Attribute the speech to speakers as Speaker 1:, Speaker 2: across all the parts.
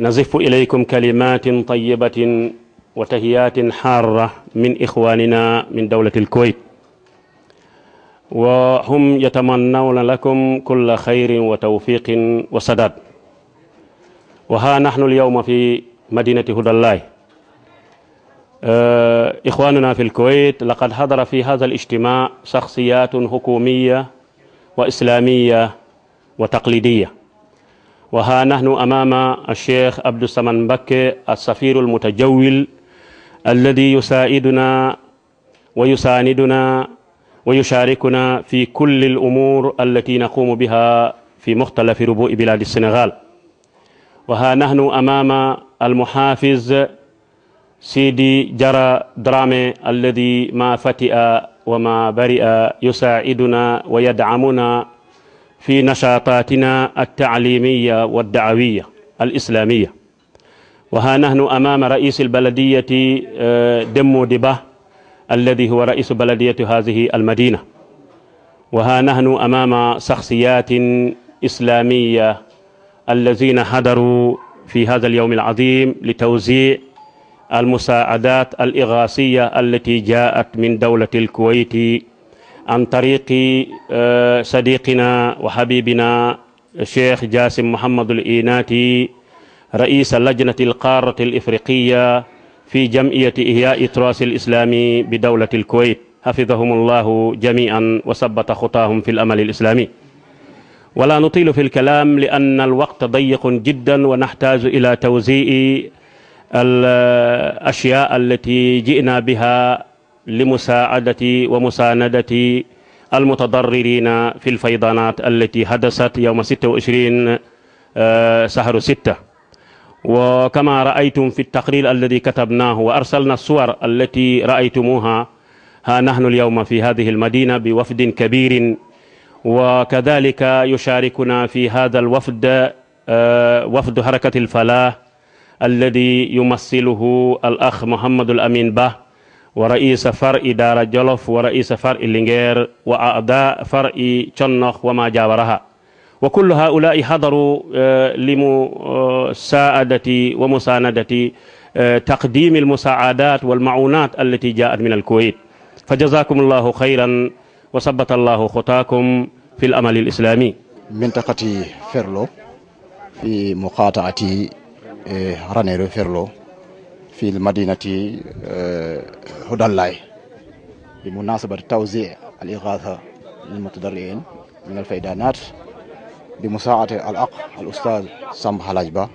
Speaker 1: نزف إليكم كلمات طيبة وتهيات حارة من إخواننا من دولة الكويت وهم يتمنون لكم كل خير وتوفيق وسداد وها نحن اليوم في مدينة هدى الله آه، إخواننا في الكويت لقد حضر في هذا الاجتماع شخصيات حكومية وإسلامية وتقليدية وها نحن أمام الشيخ عبد السمن بكي السفير المتجول الذي يساعدنا ويساندنا ويشاركنا في كل الأمور التي نقوم بها في مختلف ربوء بلاد السنغال وها نحن أمام المحافظ سيدي جرى درامي الذي ما فتئ وما برئ يساعدنا ويدعمنا في نشاطاتنا التعليمية والدعوية الإسلامية وها نحن أمام رئيس البلدية آه، دمو دبا الذي هو رئيس بلدية هذه المدينة وها نحن أمام شخصيات إسلامية الذين حضروا في هذا اليوم العظيم لتوزيع المساعدات الإغاثية التي جاءت من دولة الكويت عن طريق آه، صديقنا وحبيبنا الشيخ جاسم محمد الإيناتي رئيس لجنة القارة الإفريقية في جمعية إهياء التراث الإسلامي بدولة الكويت حفظهم الله جميعا وثبت خطاهم في الأمل الإسلامي ولا نطيل في الكلام لأن الوقت ضيق جدا ونحتاج إلى توزيع الأشياء التي جئنا بها لمساعدة ومساندة المتضررين في الفيضانات التي حدثت يوم 26 آه، شهر 6 وكما رأيتم في التقرير الذي كتبناه وأرسلنا الصور التي رأيتموها ها نحن اليوم في هذه المدينة بوفد كبير وكذلك يشاركنا في هذا الوفد آه، وفد حركة الفلاح الذي يمثله الأخ محمد الأمين به ورئيس فرع دار جلوف ورئيس فرع لينغير وأعضاء فرع تشنخ وما جاورها وكل هؤلاء حضروا آه، لمساعدة ومساندة آه، تقديم المساعدات والمعونات التي جاءت من الكويت فجزاكم الله خيرا وثبت الله خطاكم في الأمل الإسلامي
Speaker 2: منطقة فيرلو في مقاطعة آه، رانيرو فيرلو في المدينة آه، هدى الله بمناسبة توزيع الإغاثة للمتضررين من الفيدانات بمساعدة الأخ الأستاذ سام هلاجبا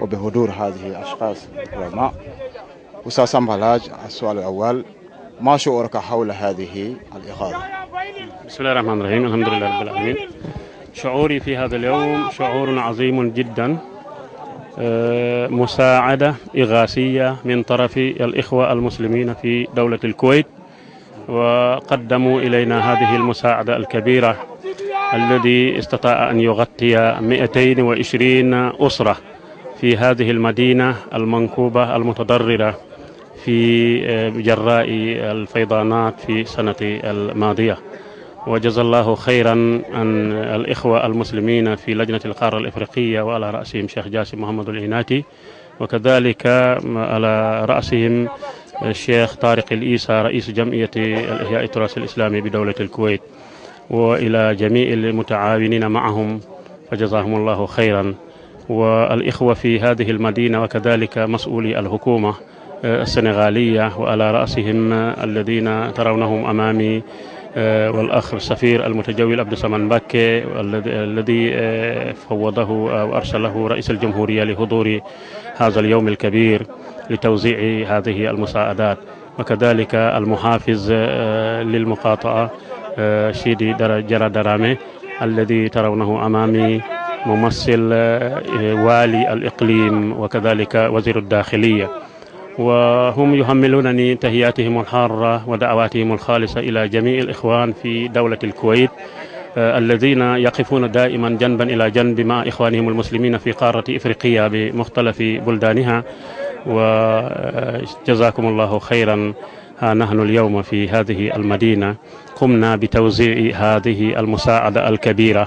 Speaker 3: وبحضور هذه الأشخاص العلماء أستاذ سام هلاج السؤال الأول ما شعورك حول هذه الإغاثة؟
Speaker 1: بسم الله الرحمن الرحيم الحمد لله رب العالمين شعوري في هذا اليوم شعور عظيم جدا آه، مساعدة إغاثية من طرف الإخوة المسلمين في دولة الكويت وقدموا إلينا هذه المساعدة الكبيرة الذي استطاع أن يغطي 220 أسرة في هذه المدينة المنكوبة المتضررة في آه، جراء الفيضانات في سنة الماضية وجزا الله خيرا عن الإخوة المسلمين في لجنة القارة الإفريقية وعلى رأسهم شيخ جاسم محمد العيناتي وكذلك على رأسهم الشيخ طارق الإيسى رئيس جمعية الإحياء التراث الإسلامي بدولة الكويت وإلى جميع المتعاونين معهم فجزاهم الله خيرا والإخوة في هذه المدينة وكذلك مسؤولي الحكومة السنغالية وعلى رأسهم الذين ترونهم أمامي آه، والأخ السفير المتجول عبد السلام باكي الذي آه، فوضه او ارسله رئيس الجمهورية لحضور هذا اليوم الكبير لتوزيع هذه المساعدات وكذلك المحافظ آه، للمقاطعة شيدي جرى درامي الذي ترونه أمامي ممثل والي الإقليم وكذلك وزير الداخلية وهم يهملونني تهياتهم الحارة ودعواتهم الخالصة إلى جميع الإخوان في دولة الكويت آه، الذين يقفون دائما جنبا إلى جنب مع إخوانهم المسلمين في قارة إفريقيا بمختلف بلدانها وجزاكم الله خيرا ها نحن اليوم في هذه المدينة قمنا بتوزيع هذه المساعدة الكبيرة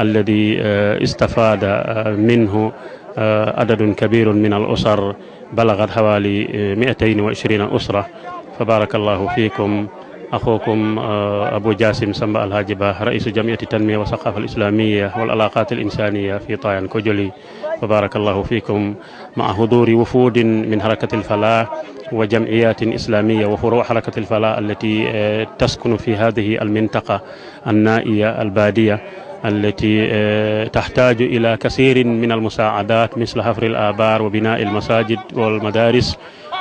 Speaker 1: الذي آه، استفاد آه، منه آه، عدد كبير من الأسر بلغت حوالي 220 آه، أسرة فبارك الله فيكم أخوكم آه، أبو جاسم سمبا الهاجبة رئيس جمعية التنمية والثقافة الإسلامية والعلاقات الإنسانية في طايان كجلي فبارك الله فيكم مع حضور وفود من حركة الفلاح وجمعيات إسلامية وفروع حركة الفلاح التي تسكن في هذه المنطقة النائية البادية التي آه، تحتاج إلى كثير من المساعدات مثل حفر الآبار وبناء المساجد والمدارس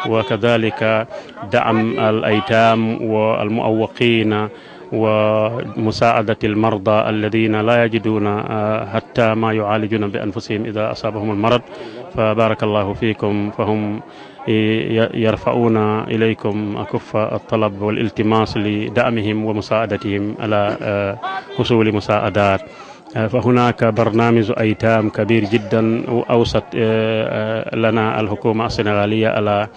Speaker 1: وكذلك دعم الأيتام والمؤوقين ومساعدة المرضى الذين لا يجدون آه، حتى ما يعالجون بأنفسهم إذا أصابهم المرض فبارك الله فيكم فهم يرفعون إليكم أكف الطلب والالتماس لدعمهم ومساعدتهم على آه، حصول مساعدات آه، فهناك برنامج أيتام كبير جدا أوصت آه، لنا الحكومة السنغالية على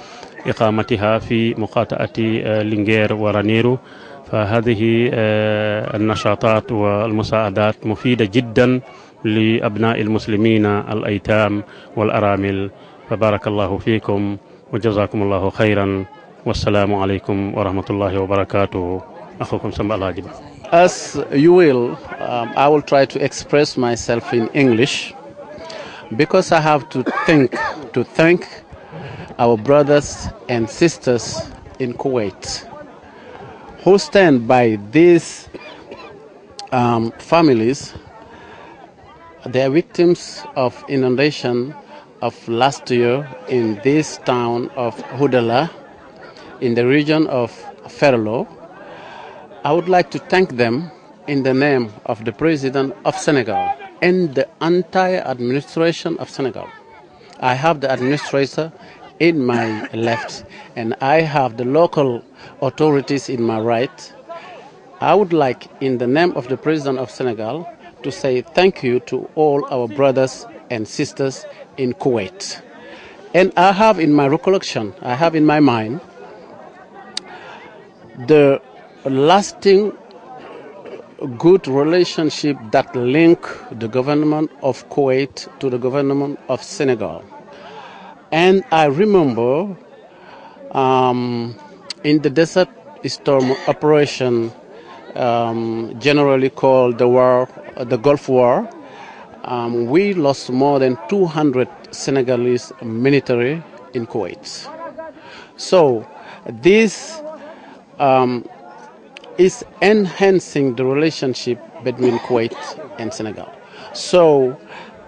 Speaker 1: إقامتها في مقاطعة لينغير ورانيرو فهذه النشاطات والمساعدات مفيدة جدا لأبناء المسلمين الأيتام والأرامل فبارك الله فيكم As you
Speaker 2: will, um, I will try to express myself in English because I have to think to thank our brothers and sisters in Kuwait who stand by these um, families. They are victims of inundation of last year in this town of Hudala in the region of Ferlo. I would like to thank them in the name of the President of Senegal and the entire administration of Senegal. I have the administrator in my left and I have the local authorities in my right. I would like, in the name of the President of Senegal, to say thank you to all our brothers and sisters in Kuwait. And I have in my recollection, I have in my mind, the lasting good relationship that link the government of Kuwait to the government of Senegal. And I remember um, in the Desert Storm operation, um, generally called the war, the Gulf War, um, we lost more than 200 Senegalese military in Kuwait. So this um, is enhancing the relationship between Kuwait and Senegal. So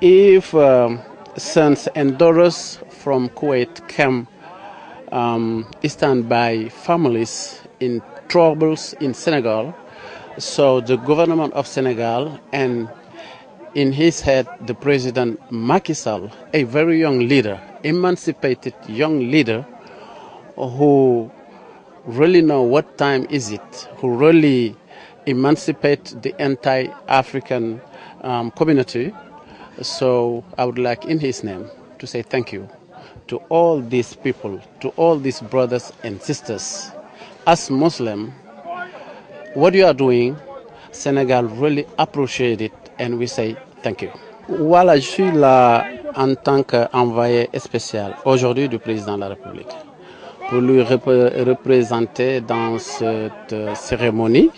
Speaker 2: if um, sons and daughters from Kuwait come um, stand by families in troubles in Senegal, so the government of Senegal and in his head the president Macky Sall, a very young leader, emancipated young leader who really know what time is it, who really emancipate the anti-African um, community. So I would like in his name to say thank you to all these people, to all these brothers and sisters. As Muslim, what you are doing, Senegal really appreciate it and we say thank Voilà, je suis là en tant qu'envoyé spécial aujourd'hui du président de la République pour lui représenter dans cette cérémonie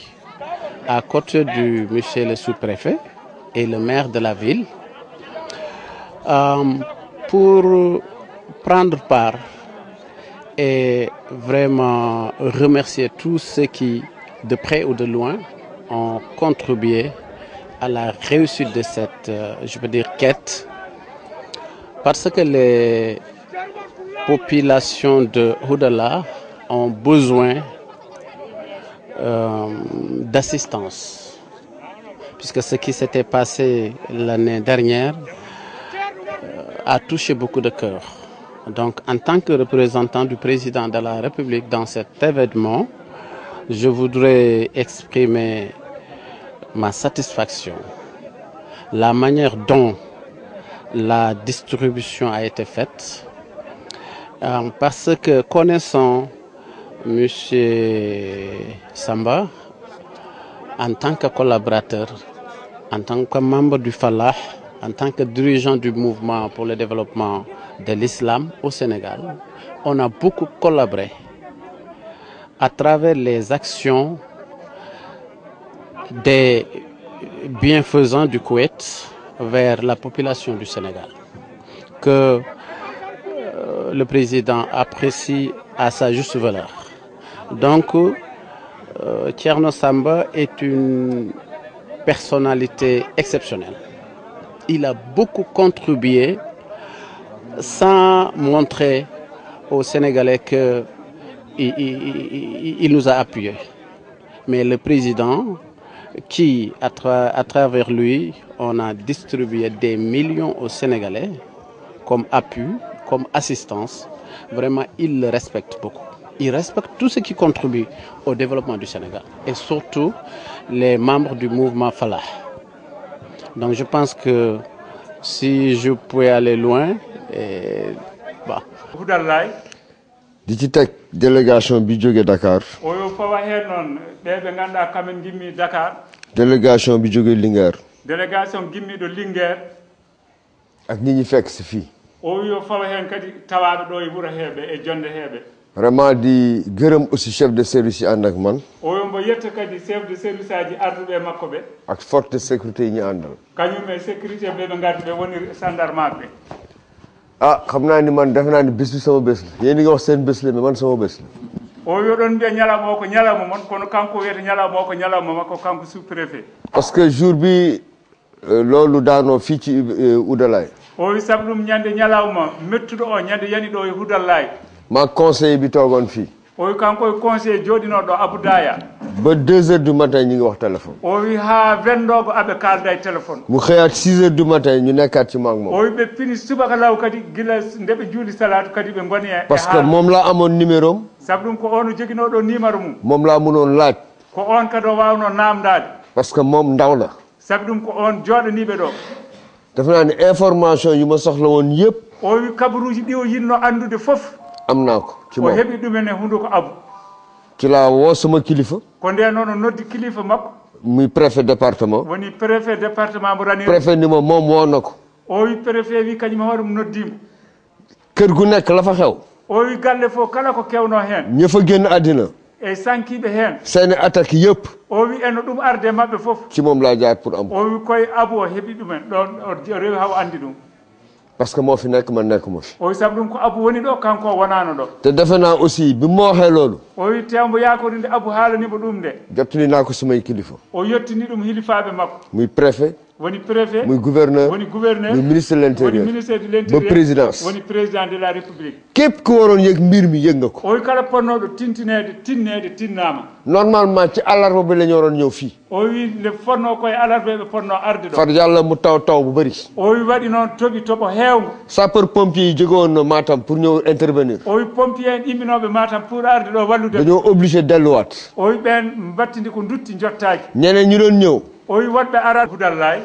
Speaker 2: à côté du monsieur le sous-préfet et le maire de la ville euh, pour prendre part et vraiment remercier tous ceux qui, de près ou de loin, ont contribué à la réussite de cette, euh, je veux dire, quête, parce que les populations de Houdala ont besoin euh, d'assistance. Puisque ce qui s'était passé l'année dernière euh, a touché beaucoup de cœurs. Donc, en tant que représentant du président de la République dans cet événement, je voudrais exprimer ma satisfaction, la manière dont la distribution a été faite, euh, parce que connaissant M. Samba en tant que collaborateur, en tant que membre du Falah, en tant que dirigeant du mouvement pour le développement de l'islam au Sénégal, on a beaucoup collaboré à travers les actions des bienfaisants du Kuwait vers la population du Sénégal, que euh, le président apprécie à sa juste valeur. Donc, euh, Tierno Samba est une personnalité exceptionnelle. Il a beaucoup contribué sans montrer aux Sénégalais qu'il nous a appuyés. Mais le président qui, à, travers lui, on a distribué des millions aux Sénégalais comme appui, comme assistance. Vraiment, il le respecte beaucoup. Il respecte tout ce qui contribue au développement du Sénégal et surtout les membres du mouvement Fala. Donc je pense que si je pouvais aller loin, et, bah.
Speaker 3: di ci teg délégation bi jóge Dakar. oyo
Speaker 4: fo waxee noon ɓe ɓe ngannduɗaa kamen gimmi Dakar.
Speaker 3: délégation bi jóge Linguère.
Speaker 4: délégation gimmiɗo Linguère.
Speaker 3: ak nit ñi fekk si fii.
Speaker 4: oyo fo heen kadi tawaaɓe ɗo e wuro heeɓe e jonde heeɓe.
Speaker 3: vraiment di gërëm aussi chef de service yi ànd ak man.
Speaker 4: oyo mbo yetta kadi chef de service aji arduɓe e makko ɓe.
Speaker 3: ak forte de sécurité yi ñi àndal.
Speaker 4: kañum e sécurité ɓe ɓe ngardi ɓe woni gendarme ɓe.
Speaker 3: ah xam naa ni man defe naa ni bés o sama bés la yéen ñi wax seen bés la mais man sama bés la
Speaker 4: o wiyoɗon mbiya ñalawma o ko ñalawma moon kono kanko wiyata ñalawma o ko ñalawma makko kanko sous préfet
Speaker 3: parce que jour bi euh, loolu daanoo fii ci euh, Oudalaye
Speaker 4: o wi sabu ɗum ñande ñalawma mettuɗo o ñande yani ɗo e
Speaker 3: ma conseil bi toogoon fii
Speaker 4: oyi kanko conseil jooɗinoɗo aboudaya
Speaker 3: ba deux heures du matin ñu ngi wax téléphone
Speaker 4: o wi ha wendoogo aɓe kaalda e téléphone
Speaker 3: mu xëyaat six heures du matin ñu nekkaat ci maag moom o
Speaker 4: ɓe pini subaka law kadi gila nde ɓe juuli salatu kadi ɓe ngoni e parce que moom
Speaker 3: laa amoon numéro
Speaker 4: sabu ɗum ko on joginooɗo numéro mum
Speaker 3: moom laa munoon laaj ko
Speaker 4: on kadi o waawno naamdaade
Speaker 3: parce que moom ndaw la
Speaker 4: sabu ɗum ko on jooɗaniiɓe ɗo
Speaker 3: dafa naa information yu
Speaker 4: o wi kabaruuji ɗi o
Speaker 3: am naa ko ci moom o heɓi
Speaker 4: ɗumen ko abu
Speaker 3: kila woo sama kilifa
Speaker 4: ko nde noon o noddi kilifa makko
Speaker 3: mi préfet département
Speaker 4: woni préfet département mo rani préfet
Speaker 3: ma moom woo
Speaker 4: wi kañum e hoore mum noddima
Speaker 3: kër gu nekk la fa xew
Speaker 4: galle fof kala ko kewno heen
Speaker 3: ña fa génn àddina
Speaker 4: eyi sankiiɓe heen
Speaker 3: seene attaque yëpp
Speaker 4: o eno ɗum arde maɓɓe fof
Speaker 3: ci moom laa jaar am
Speaker 4: o wi abu o heɓi ɗumen ɗon o rewi haw anndi ɗum
Speaker 3: parce que moo fi man nekk mo fi
Speaker 4: o wi sabu ɗum ko abu woni ɗo kanko wonano ɗo
Speaker 3: te defe naa aussi bi mu waxee loolu
Speaker 4: o wi tembo yakori nde abu haalani mo ɗum nde
Speaker 3: jottini naa ko sumay kilifa
Speaker 4: o yettini ɗum hilifaaɓe makko
Speaker 3: muy préfet
Speaker 4: woni préfet muy gouverneur woni gouverneur muy ministre de l'intérieur woni ministre de l'intérieur ba présidence woni président de la république
Speaker 3: képp ko waroon yëg mbir mi yëg nga ko
Speaker 4: oy kala ponnoɗo tintineede tinneede tinnaama
Speaker 3: normalement ci àllarba bi la ñu waroon ñëw fii
Speaker 4: o wi nde fotnoo koye alarba ɓe fotnoo arde ɗo far
Speaker 3: yàlla mu taw taw bu bëri o wi waɗi noon toɓi toɓo heewngo sapeur pompier yi jóge woon Matam pour ñëw intervenir
Speaker 4: o wi pompier en imminooɓe Matam pour arde ɗo wallude dañoo
Speaker 3: obligé delluwaat
Speaker 4: o wi ɓeen mbattindi ko dutti jottaaki
Speaker 3: ñeneen ñu doon ñëw
Speaker 4: oyi wodɓe arat hudallay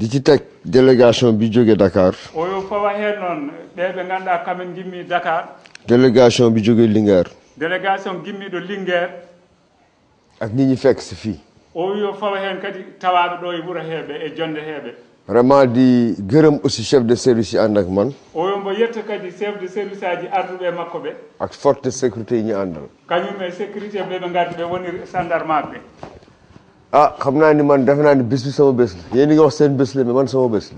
Speaker 3: digitek délégation bi jóge dakar
Speaker 4: oyo fawa hen noon ɓe ɓe ganduɗa kamen gimmi dakar
Speaker 3: délégation bi jóge linguére
Speaker 4: délégation gimmiɗo linguére
Speaker 3: ak nit ñi fekk si fii
Speaker 4: o fawa hen kadi tawaɓe ɗo e wuuro e jonde heɓe
Speaker 3: vraiment di gërëm aussi chef de service yi ak man
Speaker 4: oyo mbo yetta kadi chef de service aji arduɓe e makko ɓe
Speaker 3: ak forte sécurité yi ñu àndal
Speaker 4: kañum e sécurité ɓe ɓe gadduɓe woni gendarme ɓe
Speaker 3: ah xam naa ni man defe naa ni bés bi sama bés la yéen ñi wax seen bés la mais man sama bés la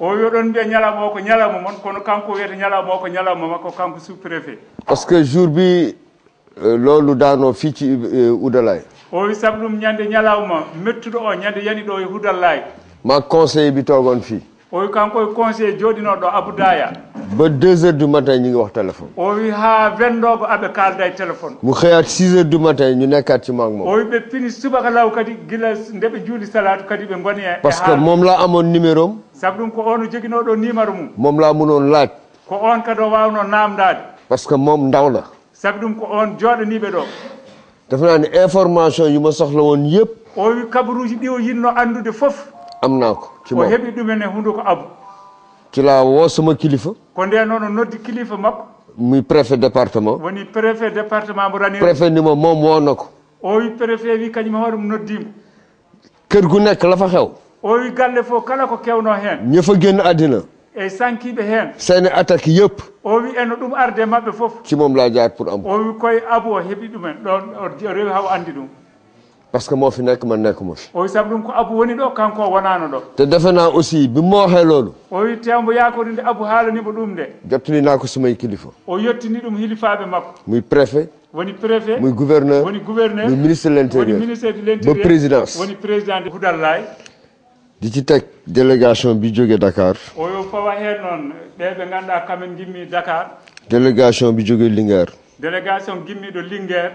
Speaker 4: o oh, yoɗon mbiya ñalawma o ko ñalawma moon kono kanko wiyata ñalawma o ko ñalawma makko kanko sous préfet
Speaker 3: parce que jour bi euh, loolu daanoo fii ci euh, Oudalaye
Speaker 4: o oh, wi sabu ɗum ñande ñalawma mettuɗo o oh, ñande yani ɗo e Oudalaye
Speaker 3: ma conseil bi toogoon fii
Speaker 4: o wi kanko e conseil jooɗinooɗo Abou Daya
Speaker 3: ba deux heures du matin ñu ngi wax téléphone
Speaker 4: o wi ha wendoogo aɓe kaalda e téléphone
Speaker 3: mu xëyaat six heures du matin ñu nekkaat ci maag moom o wi
Speaker 4: ɓe pini subaka law kadi gila nde ɓe juuli salatu e parce que moom
Speaker 3: laa amoon numéro
Speaker 4: sabu ɗum ko ono joginoo ɗo
Speaker 3: moom laa munoon laaj o parce que moom ndaw la
Speaker 4: sabu ko on ɗo
Speaker 3: dafa naa ne information yu ma soxla woon yëpp
Speaker 4: o wi kabaruuji ɗi o yinno anndude fof
Speaker 3: am naa ko ci moom o heɓi
Speaker 4: e
Speaker 3: ci laa woo sama kilifa ko noddi kilifa makko muy préfet département
Speaker 4: woni préfet département bu rani préfet
Speaker 3: ni moom wonno ko
Speaker 4: o wi préfet wi kañum hoore mum
Speaker 3: kër gu nek la fa xew
Speaker 4: o wi galle fo kala ko kewno hen
Speaker 3: ña genn adina
Speaker 4: e sankibe hen
Speaker 3: heen attaque yëpp
Speaker 4: o wi eno dum arde mabbe fof
Speaker 3: ci mom la jaar pour
Speaker 4: abu
Speaker 3: parce que moo fi nekk man nekkuma fi
Speaker 4: o wi sabu ɗum ko abu woni ɗo kanko wonano ɗo
Speaker 3: te defe naa aussi bi ma waxee loolu
Speaker 4: o wi tembo yakori nde abu haalanimo ɗum nde
Speaker 3: jottini naa ko sumay kilifa
Speaker 4: o yettini ɗum hilifaaɓe makko muy préfet woni préfet muy
Speaker 3: gouverneur woni gouverneur muy ministre de l'intérieur woni ministre de di ci teg délégation bi jóge Dakar
Speaker 4: oyo fawa heen noon ɓe ɓe ngannduɗaa kamen gimmi Dakar
Speaker 3: délégation bi jóge Linguère
Speaker 4: délégation gimmiɗo Linguère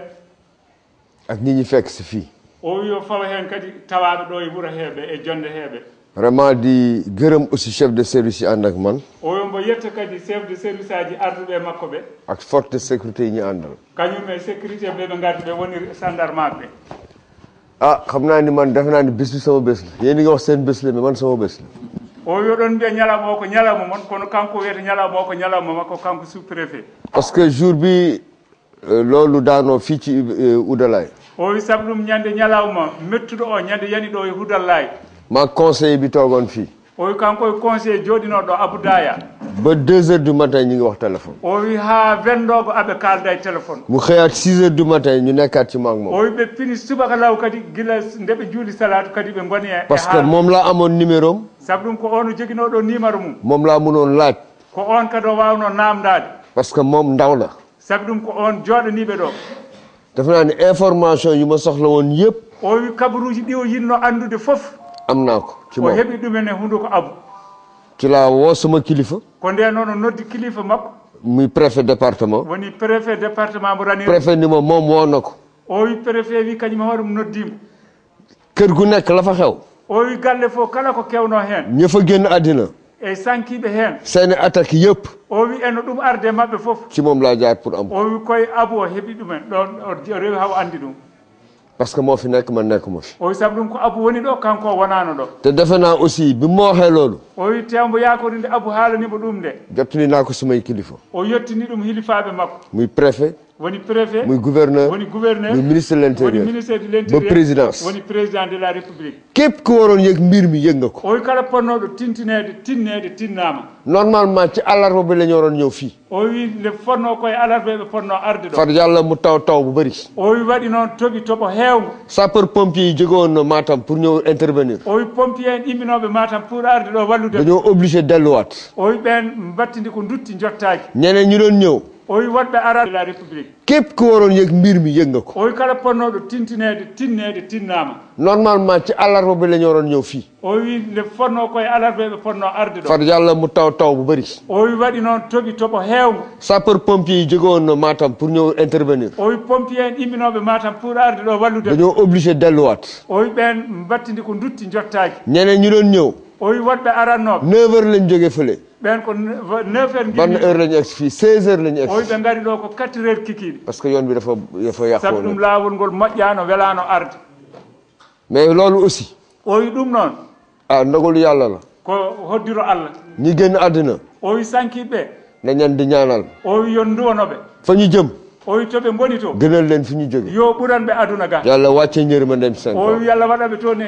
Speaker 3: ak ñi ñi fekk si fii
Speaker 4: o wi o fawa heen kadi tawaaɓe ɗo e wuro heeɓe e jonde heeɓe
Speaker 3: vraiment di gërëm aussi chef de service yi ànd man
Speaker 4: o yo mbo yetta kadi chef de service aji arduɓe makko ɓe
Speaker 3: ak forte sécurité ñi andal
Speaker 4: kañum e sécurité ɓe ɓe ngardi ɓe woni sandarmaɓe ɓe
Speaker 3: a xamnani man defnani naa sama besle yeni ngi wax seen besle la mais man sama besle
Speaker 4: o wi oɗon mbiya ñalawma o ko ñalawma mon kono kanko wiyata ñalawma o ko ñalawma makko kanko sous préfet
Speaker 3: parce que jour bi loolu daanoo fii ci
Speaker 4: o wi sabu ɗum ñande ñalawma mettuɗo o ñande yani ɗo e hudallahi
Speaker 3: ma conseil bi togon fii
Speaker 4: o wi kanko e conseil jooɗinoɗo aboudaya
Speaker 3: ba 2 heures du matin ñu ngi wax téléphone
Speaker 4: o wi ha wendogo aɓe kalda e téléphone
Speaker 3: mu xëyaat 6 heures du matin ñu nekkaat ci maag moom o wi
Speaker 4: ɓe pini subaka law kadi gila nde ɓe juuli salatu kadi ɓe goni e parce que mom
Speaker 3: la amon numéro m
Speaker 4: saabu ɗum ko ono joguinoɗo numéro mum
Speaker 3: mom la munoon laaj
Speaker 4: ko on kadi o wawno
Speaker 3: namdade parce que moom ndaw la
Speaker 4: saabu ɗum ko on jooɗaniɓe ɗo
Speaker 3: daf naa information yu ma soxla woon yëpp
Speaker 4: o ɗi o yinno fof
Speaker 3: am naa ko o heɓi
Speaker 4: ɗumen e hunde ko abu
Speaker 3: ci laa sama kilifa ko nde noddi kilifa makko muy préfet département
Speaker 4: woni préfet
Speaker 3: ma moom woo na ko
Speaker 4: o wi préfet kañum hoore mum noddima
Speaker 3: kër gu nekk lafa fa xew
Speaker 4: o wi galle fof kala ko kewno heen ña fa génn eyi sankiɓe heen
Speaker 3: seene attaque yëpp
Speaker 4: o wi eno ɗum arde maɓɓe fof
Speaker 3: simom lajar pour am
Speaker 4: o wi koye abo o heɓi ɗumen ɗon o rewi haw andi ɗum
Speaker 3: par ce que mofi nek man nek mofi
Speaker 4: o wi saabu ɗum ko abou woni ɗo kanko wonano ɗo
Speaker 3: te defana aussi bi mooheloo ɗum
Speaker 4: o wi tembo yakori nde abou haalanimo ɗum nde
Speaker 3: jabtinina ko somayi kilifa
Speaker 4: o yettini ɗum hilifaɓe makko mi préfet woni préfet muy gouverneur woni gouverneur muy ministre de l'intérieur woni ministre de l'intérieur ba présidence woni président de la république
Speaker 3: képp ku waroon yëg mbir mi yëg nga ko
Speaker 4: oy kala ponnooɗo tintineede tinneede tinnaama
Speaker 3: normalement ci alarba bi la ñu waroon ñëw fii
Speaker 4: o wi le fonnoo koye alarba ɓe fonnoo arde ɗo far
Speaker 3: yàlla mu taw taw bu bëri
Speaker 4: o wi waɗi noon
Speaker 3: toɓi toɓo heewngo sapeur pompier yi jóge woon matam pour ñëw intervenir
Speaker 4: o wi pompier en imminooɓe matam pour arde ɗo
Speaker 3: wallude dañoo obligé delluwaat
Speaker 4: o wi ɓeen mbattindi ko dutti jottaaki
Speaker 3: ñeneen ñu doon ñëw
Speaker 4: oyi wonɓe arade la république
Speaker 3: képp ko waroon yëg mbir mi yëg nga ko
Speaker 4: oyi kala ponnoɗo tintineede tinneede tinnama
Speaker 3: normalement ci alarba bi la ñu ñëw fii
Speaker 4: o wi nde fonno koye alarba ɓe ponno arde ɗo fat
Speaker 3: yàlla mu taw taw bu bëri
Speaker 4: o wi waɗi noon toɓi toɓo
Speaker 3: heewngo sapeur pompier yi jóge woon matam pour ñëw intervenir
Speaker 4: o wi pompier en imminoɓe matam
Speaker 3: pour arde ɗo wallude dañoo obligé delluwaat
Speaker 4: o wi ɓen mbattidi ko dutti jottaaki
Speaker 3: ñeneen ñu doon ñëw o yi woɗɓe arannoɓe neuf heures lañ jogue fële
Speaker 4: ɓen ko neuf heures ban heure lañ
Speaker 3: egsi fii seize heures lañ egsi o yiɓe
Speaker 4: gari ɗo ko quatre heures kikiɗe
Speaker 3: par ce que yon bi dafa dafa ɗum
Speaker 4: lawol ngol moƴƴano welano arde
Speaker 3: mais loolu aussi o yi ɗum noon ah ndogolu yàlla la
Speaker 4: ko hoddiro allah
Speaker 3: ñi génn àddina
Speaker 4: o yi sankiɓe ɓe
Speaker 3: nañande ñaanal
Speaker 4: o yi yon duwanoɓe fa ñu jëm o yittoɓe goni to
Speaker 3: gënal leen fi ñu jóge yo
Speaker 4: ɓuranɓe aduna ga yàlla
Speaker 3: wàcce yërmandem sen o
Speaker 4: yàlla waɗaɓe toon e,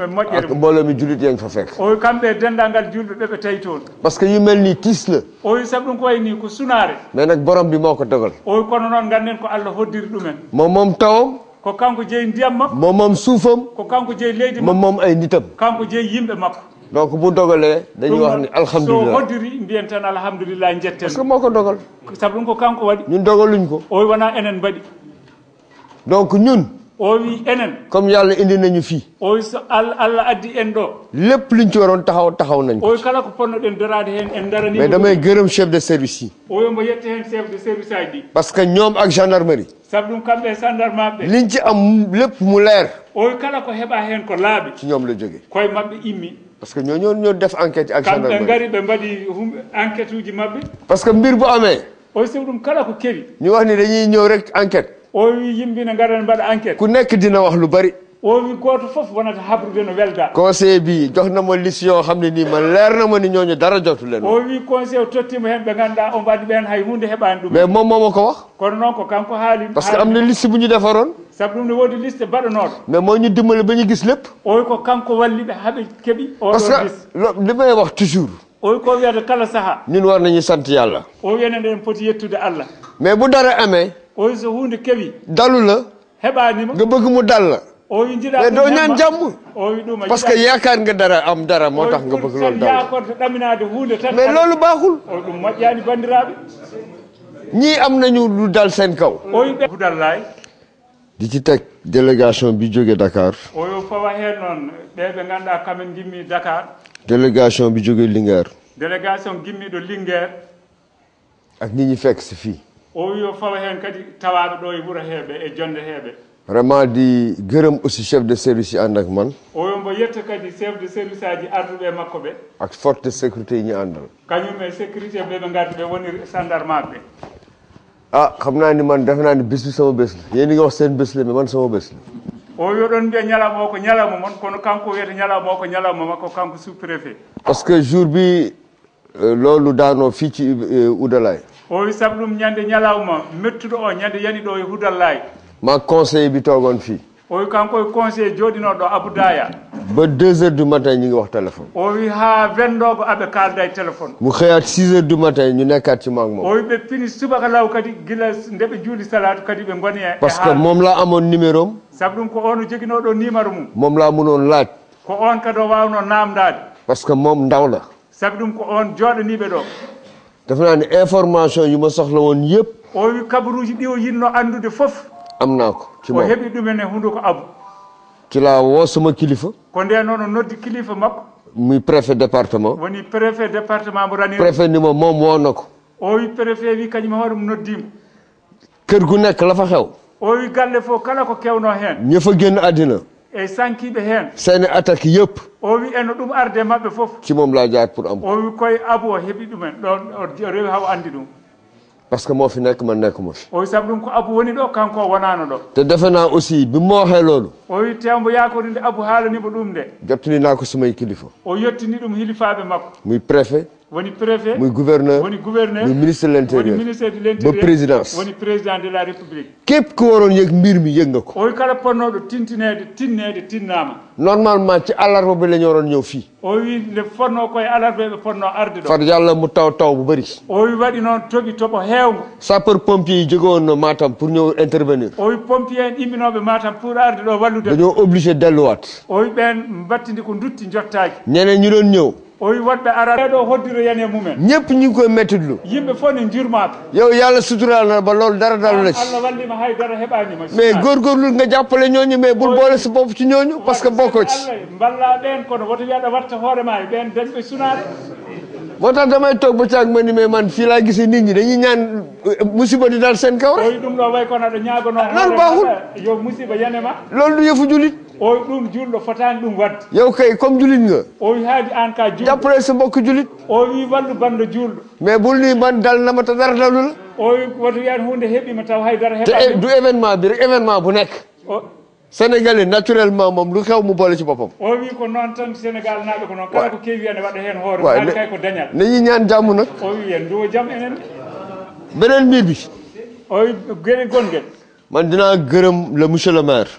Speaker 4: e moƴƴere
Speaker 3: mbooloo mi julit yang fa fekk
Speaker 4: o kamɓe dendangal julɓe ɓeɓe tawi toon
Speaker 3: parce que yu mel nii tiis la
Speaker 4: oyi saabu ɗum ko wayi ni
Speaker 3: ko sunaare mais nag borom bi moo ko dogal
Speaker 4: oyi kono noon ganden ko allah hoddiri ɗumen
Speaker 3: moom moom tawam ko kanko jeeyi ndiyam makko moom moom ko kanko jeeyi leydi moom moom ay nitam kanko jeeyi yimɓe makko donc bu dogalee dañuy wax ni alhamdulilah so
Speaker 4: hoddiri mbiyantan alhamdulillah jetten parce que moo ko dogal sabu ko kanko waɗi ñun dogaluñ ko o wona enen mbaɗi donc ñun o enen comme yalla indi nañu fi oy wi so allah addi endo
Speaker 3: lepp liñ ci waron taxaw taxaw nañ o
Speaker 4: wi kala ko den daraade hen en darani mais damay
Speaker 3: geureum chef de service yi
Speaker 4: oy wi mbo yette hen chef de service aji di
Speaker 3: parce que ñom ak gendarmerie
Speaker 4: sabu dum kamɓe e gendarmeaɓe liñ
Speaker 3: ci am lepp mu leer
Speaker 4: oy kala ko heba hen ko laabi
Speaker 3: ci ñom la jógee
Speaker 4: koy mabbe immi
Speaker 3: parce que ñoo ñoo def enquête ak gendarmerie kamɓe gari
Speaker 4: be mbaɗi humɓe enquête uji mabɓe
Speaker 3: parce que mbir bu amé
Speaker 4: oy wi sabu kala ko kebi
Speaker 3: ñu wax ni dañuy ñew rek enquête o wi yimɓe ne ngaɗani mbaɗa enquête ku nekk dina wax lu bari
Speaker 4: o wi gooto fof wonata habrude no welda
Speaker 3: conseil bi joxnamo liste yo xam ne nii man leer na ni ñooñu dara jotu leen o
Speaker 4: wi conseil o o ko wax kono noon ko kanko haali
Speaker 3: par am na liste bu ñu defaroon
Speaker 4: sabu ɗum ne woodi liste mbaɗanooɗo mais moo ñu dimbali ba ñu gis lépp o wi ko kanko walli ɓe haɓe keɓi parce
Speaker 3: que may wax toujours
Speaker 4: o wi ko wiyata kala sahaa
Speaker 3: ñun war nañu sant yàlla
Speaker 4: o wiyana nde en poti yettude allah oyso hunde kewi dalu la heɓanima
Speaker 3: nga bëgg mu dal la
Speaker 4: mais doo ñaan jàmm parce que yaakaar
Speaker 3: nga dara am dara moo nga bëgg loolu dal
Speaker 4: mais loolu baaxul ɗum moƴƴani bandiraɓe
Speaker 3: ñii am nañu lu dal seen kaw di ci teg délégation bi jóge Dakar
Speaker 4: oyo fawa hen noon ɓe kamen gimmi Dakar
Speaker 3: délégation bi jóge Linguère
Speaker 4: délégation gimmiɗo Linguère ak nit ñi fekk o wi fawa hen kadi tawaɗo ɗo e wuura heɓe e jonde heɓe
Speaker 3: vraiment di gërëm aussi chef de service yi ànd man
Speaker 4: o yo mbo yetta kadi chef de service aji arduɓe e makko ɓe
Speaker 3: ak force de sécurité ñi andal
Speaker 4: kañum e sécurité ɓe ɓe gardi ɓe woni gendarme ɓe
Speaker 3: ah xam naa man defe bisbi ni bés bi sama besle la nga wax seen bés mais man sama besle
Speaker 4: o yo ɗon mbiya ñalawma o ko ñalawma moon kono kanko wiyata ñalawma o ko ñalawma makko kanko sous préfet
Speaker 3: parce que jour bi euh, loolu daanoo fii ci euh, Oudalaye
Speaker 4: o wi sabu ɗum ñande ñalawma mettuɗo o ñande yani ɗo e hudallahi
Speaker 3: ma conseil bi togon fii
Speaker 4: o wi kanko e conseil jooɗinoɗo aboudaya
Speaker 3: ba deux heures du matin ñu ngi wax téléphone
Speaker 4: o wi ha wendogo aɓe kalda e téléphone
Speaker 3: mu xëyaat six heures du matin ñu nekkaat ci maag moom o wi
Speaker 4: ɓe pini subaka kadi gila nde ɓe juuli salatu kadi ɓe goni e parce que moom
Speaker 3: la amon numéro m
Speaker 4: saabu ɗum ko on joguinoɗo numéro mum
Speaker 3: moom la munoon laaj
Speaker 4: ko on kadi o wawno
Speaker 3: namdade parce que moom ndaw la
Speaker 4: saabu ɗum ko on jooɗaniɓe ɗo
Speaker 3: dafa naa information yu ma soxla won yëpp
Speaker 4: o wi kabaruji ɗi o yinno anndude fof
Speaker 3: amna ko ci mo
Speaker 4: hebi ɗumen e hunde ko abu
Speaker 3: ci la wo sama kilifa ko nde noon noddi kilifa makko muy préfet département
Speaker 4: woni préfet département mo rani préfet
Speaker 3: ni ma moom woo
Speaker 4: o wi préfet wi kañum hoore mum noddiima
Speaker 3: kër gu nekk la fa xew
Speaker 4: o wi galle fo kala ko kewno hen
Speaker 3: ña fa adina
Speaker 4: eyyi sankiɓe hen
Speaker 3: seene attaque yepp
Speaker 4: o wi eno ɗum arde mabɓe foof
Speaker 3: simom lajat pour am
Speaker 4: o wi koye abou o heeɓi ɗumen ɗon o rewi haw andi ɗum
Speaker 3: par ce que mofi nek man nek mofi
Speaker 4: o wi saabu ɗum ko abou woni ɗo kanko wonano ɗo
Speaker 3: te defana aussi bi mooheloɗo
Speaker 4: o wi tewmbo yakorinde abou haalanimo ɗum nde
Speaker 3: jottinina ko somayi kilifa
Speaker 4: o yettini ɗum hilifaɓe makko
Speaker 3: mi préfet
Speaker 4: woni préfet muy gouverneur woni gouverneur muy ministre de l'intérieur woni ministre de l'intérieur ba présidence woni président de la république
Speaker 3: képp ko waroon yëg mbir mi yëg nga ko
Speaker 4: oy kala ponnoɗo tintineede tinneede tinnaama
Speaker 3: normalement ci alarba bi la ñu waroon ñëw fii
Speaker 4: o wi nde fonno koye alarba ɓe ponno arde ɗo fat
Speaker 3: yàlla mu taw taw bu bëri
Speaker 4: o wi waɗi noon
Speaker 3: toɓi toɓo heewngo sapeur pompier yi jógewoon no matam pour ñëw intervenir
Speaker 4: o wi pompier en imminoɓe matam pour arde ɗo wallude
Speaker 3: dañoo obligé delluwaat
Speaker 4: o wi ɓen mbattidi ko dutti jottaaki
Speaker 3: ñeneen ñu doon ñëw o
Speaker 4: wi woɓɓe ara ɓeɗo hoddiroyen e mumen
Speaker 3: ñëpp ñu ngi koye mettitlu yimɓe fof ne jurmaka yow yàlla sutural na ba loolu dara dalu la ci allah wallima nga jàppale ñooñu mais bul boole sa bopp ci ñooñu parce que bokkoo ci
Speaker 4: mballa ɓen kono woto wiyaɗa watta hoorema e ɓen
Speaker 3: moo tax damay toog ba caag ma ni mais man fii laa nit ñi dañuy ñaan euh, musiba di dal seen kaw rek. loolu baaxul.
Speaker 4: loolu du yëfu jullit oy ɗum julɗo fotani ɗum wadde yow kay comme julit nga o haadi an ka julɗo jàppale sa mbokk julit o wi wallu bando julɗo mais bul ni man dal na ma te dara dalu la o woto wiyata hunde heeɓima taw haydara heɓa du
Speaker 3: événement bi rek événement bu nekk sénégalais naturellement moom lu xew mu boole ci boppam
Speaker 4: o wi ko noon tan sénégal naaɓe ko noon kala ko keewi ene waɗa heen hoore hande kay ko dañal ne ñi ñaan
Speaker 3: jàmm nag o wi en duwo jam enen beneen mbii bi o gueɗe gonguel man dinaa gërëm le monsieur le maire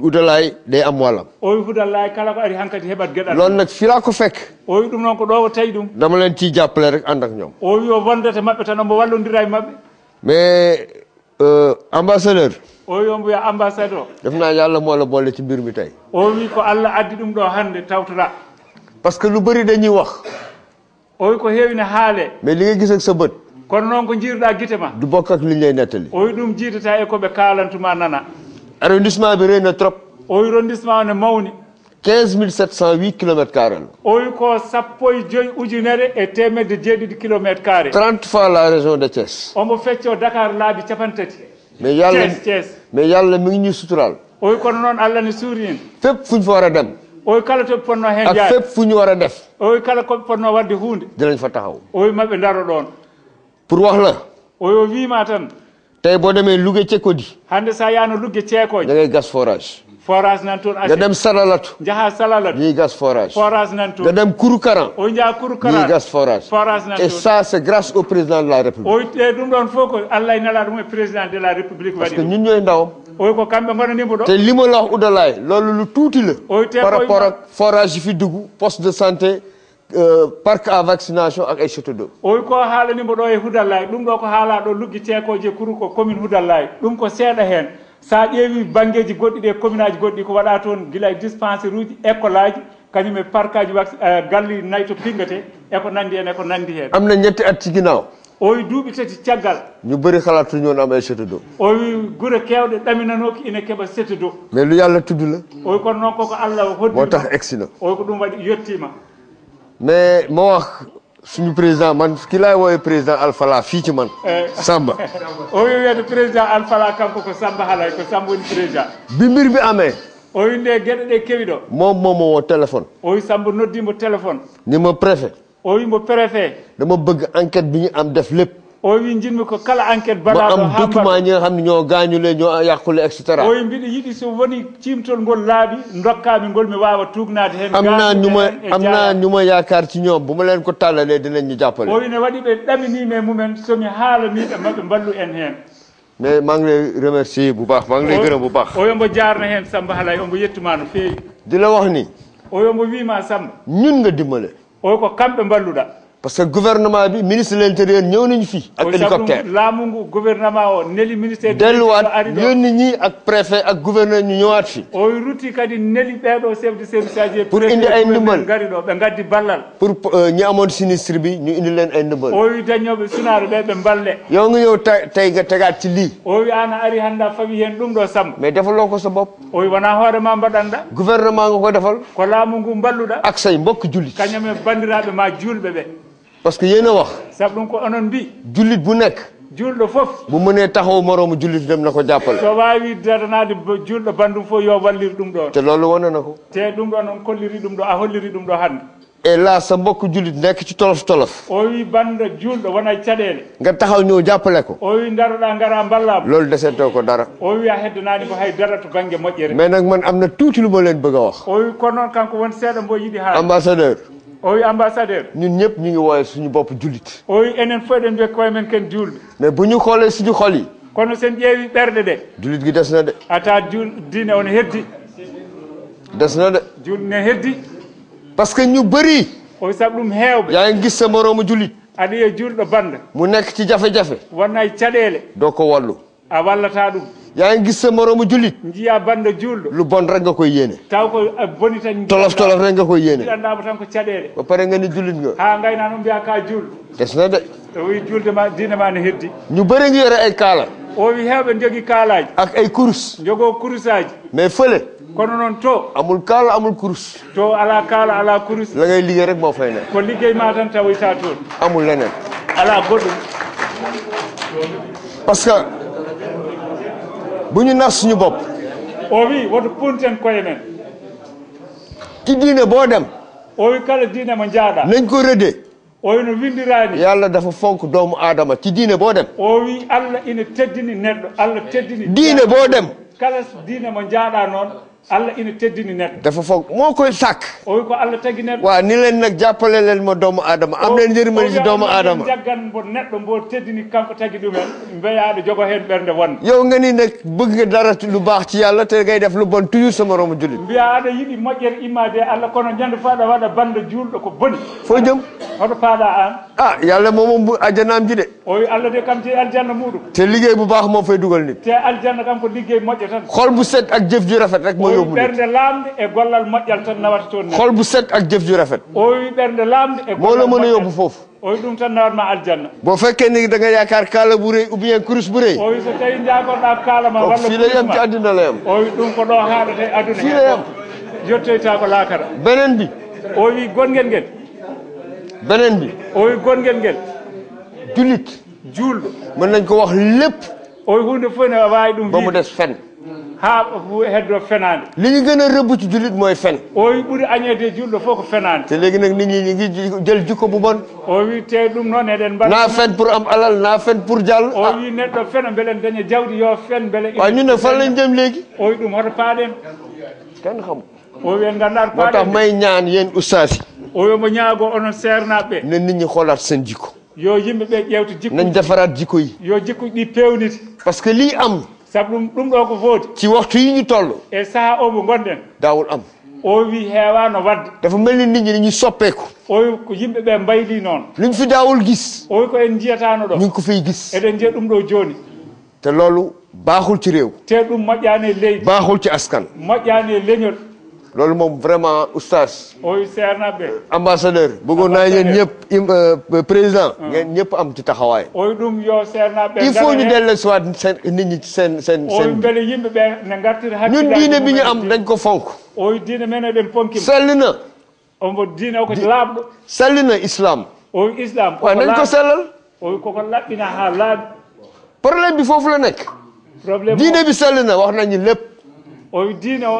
Speaker 3: udalaay day am wallam
Speaker 4: o wi fudallaayi kala ko ari hankkadi heɓat geɗal noon nag
Speaker 3: filaa fekk
Speaker 4: o ɗum noon ko ɗo o ɗum
Speaker 3: dama leen ciy jàppale rek ànd ak ñoom
Speaker 4: o wi o wondata maɓɓe tan ombo wallondira maɓɓe
Speaker 3: mais euh, ambassadeur
Speaker 4: o wi omo wiya ambassade o
Speaker 3: def naa yàlla moo boole ci mbir mi tey
Speaker 4: o wi ko allah addi ɗum ɗo hannde tawtora parce que lu bëri dañuy wax o ko heewi ne haalee
Speaker 3: mais li nga gis sa bët
Speaker 4: kono noon ko jiiruɗaa gite ma du
Speaker 3: bokk ak nettali
Speaker 4: e o arrondissement bi rëy na trop o arrondissement ne
Speaker 3: mawni 15708 km2
Speaker 4: oy ko sappo e joyi ujunere e temedde jeeɗiɗi km2
Speaker 3: 30 fois la région de thies
Speaker 4: omo fecco dakar laabi capantati
Speaker 3: mais yalla thies mais yalla mi ngi ñu sutural
Speaker 4: oy kono non allah ne suuri fep fépp fuñ fa war dem oy kala toɓe ponno hen ak fépp fu ñu war def oy kala ko ponno wadde hunde
Speaker 3: dinañ fa taxaw
Speaker 4: oy maɓe daro ɗon pour wax la oyo wiima tan
Speaker 3: tey boo demee Louga Cekodi. hande da ngay gas forage.
Speaker 4: forage nan toon nga
Speaker 3: dem Salalatu. jaha Salalatu ñuy gas forage. forage nan toon nga dem Kouroukaran. o jaa Kouroukaran ñuy gas forage. forage nan toon et au président de la république. oy
Speaker 4: te ɗum ɗon fof ko Allah e nalaaɗo mum président de la république. waɗi parce que ñun ñooy ndawam. te li
Speaker 3: la wax Oudalaye lu tuuti la. par rapport forage yi fi dugg poste de santé. Euh, parque à vaccination ak ay chateau de
Speaker 4: oy ko haalanimo ɗo e hudallay ɗum ɗo ko haala ɗo luggiteekoje kuru ko commune hudallay ɗum ko seeɗa heen so a ƴeewi banggueji goɗɗi ɗe commune aji goɗɗi ko waɗa toon gila e dispensaire uji école aji kañum e parque aji wax e galli nayi to pingate eko nanndi en eko nanndi heen
Speaker 3: am na ñetti atti ginaaw oy duuɓi tati caggal ñu bëri xalaat to ñoon am e chateau de
Speaker 4: oy gure keewɗe ɗaminanooki ina keɓa chateau de
Speaker 3: mais lu yàlla tudd la
Speaker 4: oy kono noon koko allah hoddi moo tax exina oy ko ɗum waɗi yettima
Speaker 3: mais ma wax suñu président man ki laay président Alfala fii ci man. Eh. Samba.
Speaker 4: o wiyeede président Alfala kanko ko Samba haalay ko Samba woni président.
Speaker 3: bi mbir bi amee.
Speaker 4: o winde ɗe kewi ɗo.
Speaker 3: moom moo ma woo téléphone. o wi Samba noddimo téléphone. ni ma préfet. o wi mo préfet. dama bëgg enquête bi ñu am def lépp. o wi jinmi ko kala enquête baɗaɗo am document ñi nga xam ne ñoo gaañule ñoo yakkule et cetera o wi mbiɗa yiɗi so woni cimtol ngol laaɓi
Speaker 4: dokkami ngol mi waawa tugnade heen am naa ñu e am naa
Speaker 3: ñu yaakaar ci ñoom bu ma leen ko tàllalee dinañ ñu jàppale o wi ne
Speaker 4: waɗi ɓe ɗaminima e mumen somi haala miɗa maɓe mballu en heen
Speaker 3: mais maa ngi lay remercier bu baax maa ngi lay gërëm bu baax o
Speaker 4: yombo jaarna hen samba halay ombo yettuma
Speaker 3: no feewi di la wax ni o mbo wiima samba ñun nga dimbale o ko kamɓe mballuɗa parce que gouvernement bi ministre de l'intérieur ñëw nañu fi ak hélicoptère laamungu gouvernement
Speaker 4: o neli ministère delluwaat yónni ñi ak préfet ak gouverneur ñu ñëwaat fi oy ruti kadi neli ɓeeɗo chef de service aji pour indi ay ndimbal ngari ɗo ɓe gaddi ballal
Speaker 3: pour euh, ñi amoon sinistre bi ñu indi leen ay ndimbal oy
Speaker 4: dañoɓe sunaaɗo ɓe ɓe mballe
Speaker 3: yow nga yow tay ga tegaat ci lii
Speaker 4: oy an ari hannda fawi heen ɗum ɗo sam mais defaloo ko sa bopp oy wona hoorema mbaɗanɗa gouvernement nga ko defal ko laamu ngu mballuɗa ak
Speaker 3: say mbokk jullit
Speaker 4: kañum e ma julɓe ɓe parce que yéen a wax saabu ɗum ko onon mbi jullit bu nekk julɗo fof bu mënee
Speaker 3: taxaw moroomu jullit dem na ko jàppale so
Speaker 4: waawi dadanaade julɗo bandum fof yo walliri ɗum ɗon te loolu wane na ko te ɗum ɗon on kolliri ɗum ɗo a holliri ɗum ɗo hannde et là sa mbokk julit nekk ci
Speaker 3: tolof tolof
Speaker 4: o wi banda julɗo wona caɗele
Speaker 3: nga taxaw ñëw jàppale ko
Speaker 4: o wi ndaroɗa ngara mballaam
Speaker 3: loolu desetoo ko dara
Speaker 4: o wi a heddanaani ko hay dara to bange moƴƴere mais
Speaker 3: nag man am na tuuti lu ma leen bëgg a wax
Speaker 4: o wi ko noon kanko won seeɗa mbo yiɗi haa ambassadeur oyi ambassadeur ñun
Speaker 3: ñëpp ñu ngi wooye suñu bopp jullit
Speaker 4: oyi enen fof eɗen mbiya koye men ken julɓe mais bu ñu xoolee suñu xol yi kono sen ƴeewi ɓerɗe ɗe jullit gi des na de ata jul diine on heddi des na de julɗi ne heddi parce que ñu bëri oyi saabu ɗum heewɓe yaa
Speaker 3: ngi gis sa moroomu jullit aɗa yiya julɗo banda mu nekk ci jafe-jafe wonnay caɗeele doo ko wallu a wallata ɗum yaa ngi gis sa moroomu jullit jiya banda juulɗo lu bon rek nga koy yéene taw ko boni tan tolof tolof rek nga koy yéene jiɗanndamo tan ko caɗeele ba pare nga ni jullit nga ha
Speaker 4: ngayna noon mbiya ka juulɗo des na de o wi julde ñu bëri ay kaala o wi heɓe jogi kaalaji ak ay kurus jogo kurus aji mais fële kono noon
Speaker 3: to amul kaala amul kurus to ala kaala ala kurus la liggéey rek moo fay ne ko liggéey ma tan tawoyta toon amul leneen ala goɗɗum parce que bu ñu nas suñu bopp. o
Speaker 4: wi woto punten koye men. ci diine dem. o wi kala diine mo jaaɗa. nañ ko rëddee. o wi no winndiraani. yàlla dafa fonk doomu aadama ci diine boo dem. o wi allah ina teddini neɗɗo allah teddini. diine boo dem. kala diine mo jaaɗa allah ina teddini neɗɗo
Speaker 3: dafa foog moo koy sàkk
Speaker 4: o wi ko allah tagi neɗɗo waaw ni
Speaker 3: leen nag jàppale leen mo doomu aadama am leen njërimal si doomu aadama
Speaker 4: jaggan mbo neɗɗo mbo teddini kanko tagi ɗumen mbeyaaɗo jogo
Speaker 3: yow nga ni nag bëgg nga dara lu baax ci yàlla te ngay def lu bon toujours sama romo julit
Speaker 4: mbiya aɗa yiɗi moƴƴere immaade allah kono ñannde faa aɗa waɗa bande juulɗo ko boni fo jom hoto paaɗa aan ah yàlla moom aljana aljanaam ji de o wi allah de kam ci aljanna muɗum
Speaker 3: te liggéey bu baax moo fay dugal nit
Speaker 4: te aljanna kam ko liggéey moƴƴo tan xol
Speaker 3: bu set ak jëf ju rafet rek moo yóbbu ɓernde
Speaker 4: laamde e gollal moƴƴal tan nawata toon xol bu
Speaker 3: set ak jëf ju rafet
Speaker 4: o wi ɓernde laamde e moo la mën a yóbbu foofu oy ɗum tan nawatma aljanna
Speaker 3: boo fekkee ni da nga yaakaar kaala bu rëy ou bien kurus bu rëy oy
Speaker 4: so tawi jaagonɗa kaala ma walla fii la yem ci adduna
Speaker 3: la yem oy ɗum ko ɗo haaɗate
Speaker 4: aduna fii la yem yettoyta ko laakara beneen bi o wi gonngel ngel beneen bi. oy gon ngel ngel. julit. juulɗo mën nañ ko wax lépp. oy hunde fof ne wawi ɗum ba mu des fen ha heddo fenade
Speaker 3: li ñu gën a rëbb
Speaker 4: ci julit mooy fen oy ɓuuri añede julɗo fof ko fenade te léegi nag ni ñi ñu ngi jël jikko bu bon o wi te ɗum noon eɗen mbaɗa naa fen pour am alal naa fen pour jàll ah. o wi neɗɗo fena beele daña jawdi yo fen beele waaw ñun nag fan lañ jëm léegi oy ɗum hoto paaɗen kenn xamu o wi en gandat paaɗen moo tax may ñaan yéen ustaas oyomo ñaago onon seernaaɓe ɓe ne nit ñi xoolaat seen jikko yo yimɓe ɓe ƴewta jikko nañ defaraat jikko yi yo jikko ɗi pewnite par que lii am sabu ɗum ɗum ɗo ko footi ci waxtu yi ñu toll e sahaa o mo gonɗen daawol am o wi heewano wadde dafa mel ni nit ñi dañuy soppeeku o wi ko yimɓe ɓe mbayli noon luñ fi daawol gis o wi ko en jiyatano ɗo min ko fay gis eɗen jiya ɗum ɗo jooni
Speaker 3: te loolu baaxul ci réew te ɗum moƴƴaani e leydi baaxul ci askan moƴƴaani e leñol loolu moom vraiment oustaz.
Speaker 4: ooy CRNB.
Speaker 3: ambassadeur bëggoon naa yéen ñëpp euh, euh, président. ngeen ah. ñëpp am ci taxawaay.
Speaker 4: ooy dum yoo CRNB. il faut
Speaker 3: nit ñi seen seen seen.
Speaker 4: ñun diine bi ñu am dañ ko fonk. ooy diine mel ne dem ponki. sell na. omo diine ko laab. na islam. ooy islam waaw nañ ko sellal. problème bi foofu la nekk. problème bi sell na wax nañu lépp.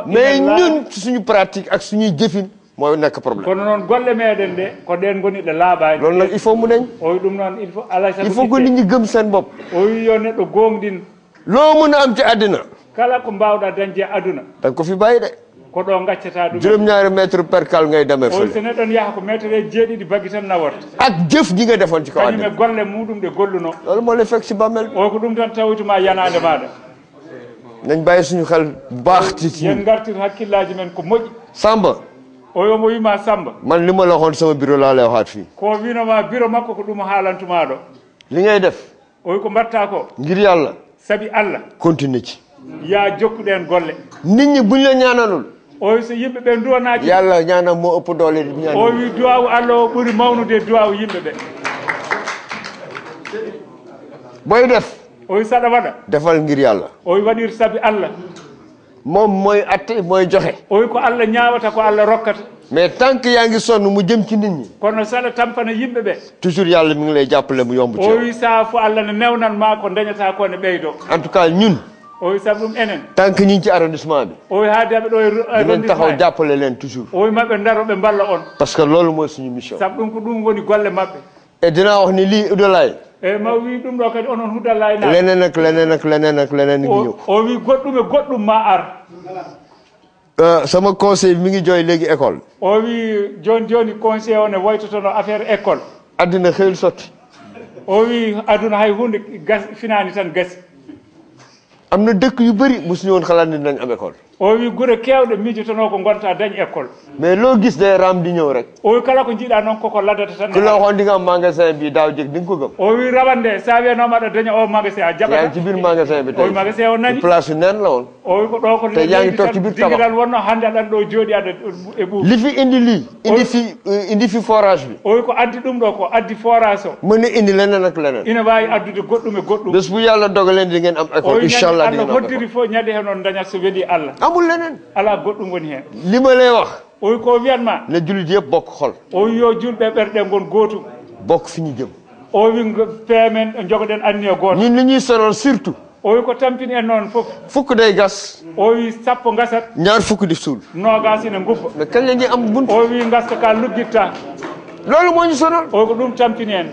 Speaker 4: mais ñun
Speaker 3: ci suñu pratique ak suñuy jëfin mooy nekk problème kono
Speaker 4: noon golle meɗen de ko ɗen goniɗo laaɓaji loolu nag il faut mu deñ oyi ɗum noon il faut alay il faut ko nit ñi
Speaker 3: gëm seen bopp oyi
Speaker 4: yo neɗɗo gongɗin
Speaker 3: loo mën a am ci àddina
Speaker 4: kala ko mbawɗa dañje aduna
Speaker 3: dañ ko fi bàyyi de
Speaker 4: ko ɗo gaccata ɗum juróom
Speaker 3: ñaari mètre per kal ngay demee fële so
Speaker 4: neɗon yaha ko mètre e jeeɗiɗi baggi tan naworta ak jëf ji nga defoon ci kaw e àddina kañum golle muɗum ɗe golluno loolu moo lay fekk si bammel o ko ɗum tan tawituma yanade maɗa
Speaker 3: nañ bàyyi suñu xel bu baax ci ci men ko moƴƴi samba
Speaker 4: oyomo wima samba
Speaker 3: man li ma la waxoon sama bureau laa fii
Speaker 4: ko winoma bureau makko ko ɗum haalantumaa ɗo li ngay def oy ko mbatta ko ngir yàlla sabi allah continue ci yaa jokkuɗen golle nit ñi buñ la ñaanalul oy so yimɓe ɓe duwanaaji yàlla ñaanal moo ëpp doole wi duwawu allah o ɓuri mawnude duwawu yimɓe ɓe boy def oy saɗa waɗa
Speaker 3: defal ngir yàlla
Speaker 4: oy waɗir sabi allah moom mooy atte mooy joxe oy ko allah ñaawata ko allah rokkata mais tant que yaa ngi sonn mu jëm ci nit ñi kono saɗa tampana yimɓe ɓe
Speaker 3: toujours yàlla mi ngi lay jappale mu yomb ci oy
Speaker 4: saa fo allah ne newnan ma ko dañata ko ne ɓeydo
Speaker 3: en tout cas ñun
Speaker 4: oy sabu ɗum enen
Speaker 3: tant que ñi ngi ci arrondissement bi oy haadaɓe ɗo e dinen taxaw jàppale leen toujours oy maɓe ndaro ɓe mballa on parce que loolu mooy suñu mission sabu
Speaker 4: ɗum ko ɗum woni golle maɓɓe
Speaker 3: e dina wax oh, ni lii udalay e
Speaker 4: eh, ma wi ɗum ɗo kadi onon hudallay na lenen
Speaker 3: ak lenen ak lenen ak lenen ngi ñëw
Speaker 4: o wi goɗɗum e eh, goɗɗum ma ar
Speaker 3: eh, sama conseil mi ngi joy léegi école
Speaker 4: o oh, wi joni joni conseil one oh, waytotono affaire école adduna xewil sotti o wi aduna hay hunde gas finani tan gasi
Speaker 3: am na dëkk yu bëri mosuñu woon xalaat ni dinañ am école
Speaker 4: o wi gure kewɗe miijotono ko gonta dañ école
Speaker 3: mais lo gis day ramdi ñëw rek
Speaker 4: o wi kala ko jiiɗa noon koko laddata tan kilo ndigam magasin bi daw jeg ɗin ko gam o wi rawande sa wiyanoma aɗa daña o magasin a jaɓata yan cibir magasin bi tawi magasin o nani place nen la on o wi ko ɗo ko te yangi totti bir taba digiral wonno hande aɗan ɗo jooɗi aɗa e
Speaker 3: ɓuuɓi lifi indi li indi fi eh, indi fi forage bi o wi ko addi ɗum ɗo ko
Speaker 4: addi forage o
Speaker 3: mone indi lenen ak lenen ina wawi addude
Speaker 4: goɗɗum e goɗɗum
Speaker 3: bes bu yalla dogalende ngeen am école inchallah allah hoddiri
Speaker 4: fof ñande hen on dañat so weeli allah ah, amul leneen ala goɗɗum woni heen li ma lay wax oy ko wiyanma
Speaker 3: ne jullit yëpp bokk xool
Speaker 4: o wi yo julɓe ɓerɗe ngon gootum bokk fi ñu jëm o wi feemen jogoɗen anni e gooto sonol surtout o wi ko tampini en noon fof fukk day gas o sappo gasat ñaar fukk di suul ngubba mais o wi ngaska ka luggitta loolu moo ñu sonol o wi ko ɗum tampini en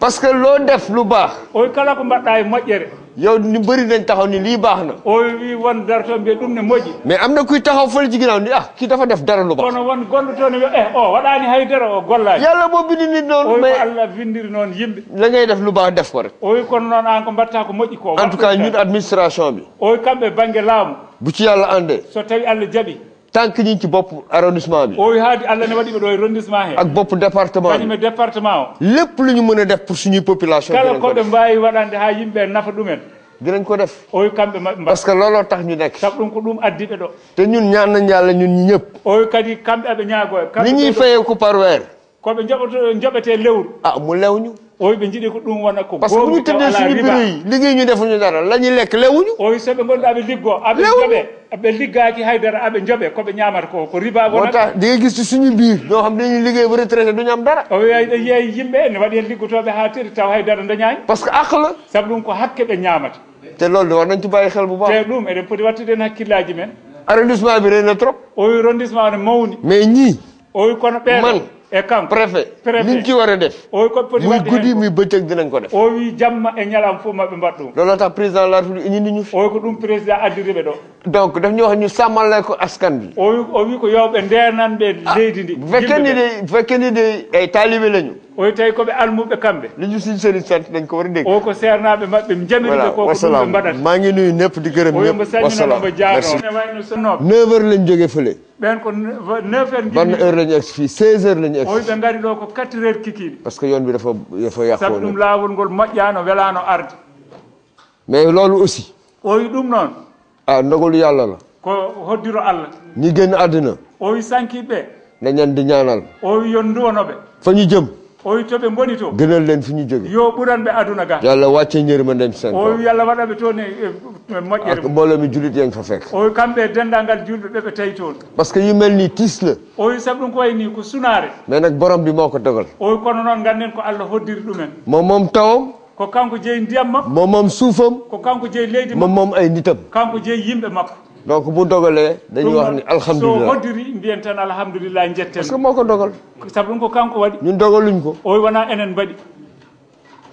Speaker 4: par que loo def lu baax o wi kala ko mbaɗɗa e moƴƴere yow ñu bëri nañ taxaw ni lii baax na o wi won dartoɓe mbiye ɗum ne moƴƴi
Speaker 3: mais am na kuy taxaw fële ci ginnaaw ni ah kii dafa def dara lu kono
Speaker 4: won gonɗo toon wiya eh o oh, waɗaani haydara o oh, gollaani yàlla
Speaker 3: moo bindi nit noonu mais noon yimɓe la ngay def lu baax def ko rek o wi kono noon aan ko mbatta ko moƴƴi ko en administration bi o wi kamɓe baŋnge laamu bu ci yàlla àndee so tawi allah jaɓi tant que ci bopp arrondissement bi. o haadi allah ne waɗi ɓe ɗo e arrondissement he. bopp département bi kañum lépp lu ñu mën a def pour suñuy population. kala ko ɓe
Speaker 4: mbawi waɗande ha yimɓe nafa ɗumen. dinañ ko def. oyo kamɓe maɓɓe parce que looloo tax ñu nekk. sabu ko ɗum addi ɓe ɗo. te ñun ñaan nañ yàlla ñun ñi ñëpp. oyo kadi kamɓe aɓe ñaago. ni ñuy fayee ko par weer. ko ɓe joɓoto joɓete lewru. Ah, mu lew ñu. oyi ɓe jiiɗi ko ɗum wona ko parce que ɓuñu tedde suñu bureau yi dara lañu lekk lewuñu oyi soɓe gonɗa ɓe liggo aɓe joɓe ɓe liggaki haydara aɓe joɓe ko ko riba wonata
Speaker 3: ɗiga gisti suñu biir ñoo xam dañu liggéey ba retraité duñu dara
Speaker 4: o wiya ɗe ne waɗi hen liggotoɓe ha tiri taw haydara dañani par ce que aqla saabu ɗum ko hakke ɓe ñamata te de war nañ tubayi xel bu baax te ɗum eɗen poti wattude hen hakkillaji men arrondissement bi reyna trop oyi arrondissement ne mawni mais ñii oyi kono ɓeeɗo e kam préfet war a def muy guddi muy
Speaker 3: bëccëg dinañ ko def
Speaker 4: o wi jamma e ñalaam fof maɓe mbaɗ
Speaker 3: ɗum looloo président la république ñindi ñu fi o ko ɗum président addiri donc daf ñu wax ñu sàmmale ko askan bi o wi o wi ko ah, leydi
Speaker 4: ndi bu fekkee ni de bu
Speaker 3: fekkee ni de ay
Speaker 4: taalibe o wi tawi koɓe almuɓe kamɓe liñu sin seni sant dañ ko war a dégg o ko sernaɓe maɓɓe jamirɓe ko ko ɗum ɓe mbaɗata
Speaker 3: maa ngi nuyu ñëpp di gërëm ñëpp wasalam ne
Speaker 4: wayno sonnoɓe neuf
Speaker 3: heures lañ jógee fële
Speaker 4: ɓen ko neuf heures ban heure
Speaker 3: lañu ex fii seize heures lañu ex o wi ɓe
Speaker 4: ngari ɗo ko quatre heures kikiɗe
Speaker 3: parce que yoon bi dafa dafa yàqoo sabu ɗum
Speaker 4: laawol ngol moƴƴano welano arde
Speaker 3: mais loolu aussi o wi ɗum noon ah ndogalu yàlla la
Speaker 4: ko hoddiro allah
Speaker 3: ñi génn àddina
Speaker 4: o wi sankiɓe ɓe
Speaker 3: dañan di ñaanal
Speaker 4: o wi yon duwanoɓe fa ñu jëm o wi to ɓe boni to
Speaker 3: gënal leen fi ñu jóge
Speaker 4: yo ɓuran ɓe aduna ga yàlla
Speaker 3: wàcce yërmandem sen o wi yàlla
Speaker 4: waɗaɓe toon e eh, eh, moƴƴere ak
Speaker 3: mbooloo mi julit yang fa fekk
Speaker 4: o wi kamɓe dendangal julɓe ɓe ɓe tawi toon
Speaker 3: parce que yu mel nii tiis
Speaker 4: o wi sabu ɗum ko way ko sunaare
Speaker 3: mais nag bi moo ko dogal
Speaker 4: o wi kono noon ko allah hoddiri ɗumen
Speaker 3: moom moom tawam
Speaker 4: ko kanko jeyi ndiyam makko moom moom ko kanko jeyi leydi moom moom ay nitam kanko jeyi yimɓe makko donc bu dogalee dañuy wax ni alhamdulilah so hoddiri mbiyen tan alhamdulillah jetten parce que ko dogal sabu ɗum ko kanko waɗi ñun dogaluñ ko o wona enen mbaɗi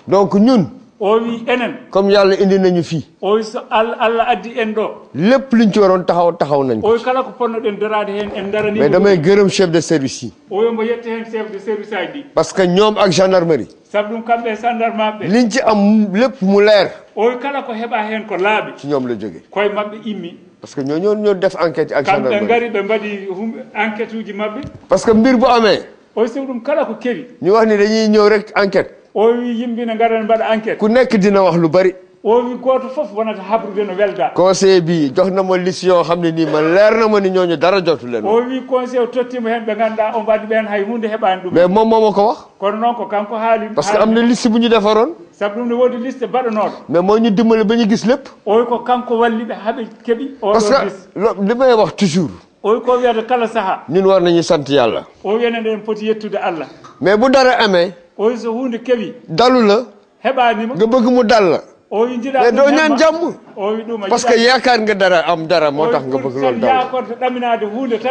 Speaker 4: donc ñun o enen comme yàlla
Speaker 3: indi nañu fii
Speaker 4: o wi so allah addi en ɗo
Speaker 3: lépp liñ ci waroon taxaw taxaw nañ ko o
Speaker 4: wi kala ko ponnoɗen darade heen en darani mais damay
Speaker 3: gërëm chef de service yi
Speaker 4: o wi mbo yette heen chef de service aji ɗi
Speaker 3: parce que ñoom ak gendarmerie
Speaker 4: sabu ɗum kamɓe gendarmeɓe liñ am lépp mu leer o wi kala ko heɓa heen ko laaɓi ci ñoom la jógee koye maɓɓe immi
Speaker 3: parce que ñoo ñoo def enquête ak gendarmerie kamɓe ngari
Speaker 4: ɓe mbaɗi humɓe enquête uji maɓɓe
Speaker 3: par que mbir bu amee
Speaker 4: o so ɗum kala ko kewi ñu wax ni dañuy ñëw rek enquête o wi na ne ngara ne mbaɗa ku nekk dina wax lu bari o wi goto foof wonata habrude no welda
Speaker 3: conseil bi joxnamo liste yo xam ne ni man leernamo ni ñooñu dara jotulen o wi
Speaker 4: conseil o tottima hen ɓe ganduɗa o mbaɗi ɓen hay hunde heɓani ɗum mais moom mooma ko wax kono noon ko kanko haali parce que am na
Speaker 3: liste bu ñu defaroon saabu ɗum ne woodi liste baɗanoɗo mais moo ñu
Speaker 4: dimbali ba ñu gis lépp oy ko kanko walli ɓe haaɓe keeɓi parce que li may wax toujours oy ko wiyata kala saaha
Speaker 3: ñun war nañu sant yàlla
Speaker 4: o wiyana nden poti yettude allah
Speaker 3: mais bu dara amee oy so hunde keeɓi dalu la heɓanima nga bëgg mu dal la o mais doo ñaan
Speaker 4: jàmm parce que yaakaar
Speaker 3: nga dara am dara moo tax nga bëgg loolu daw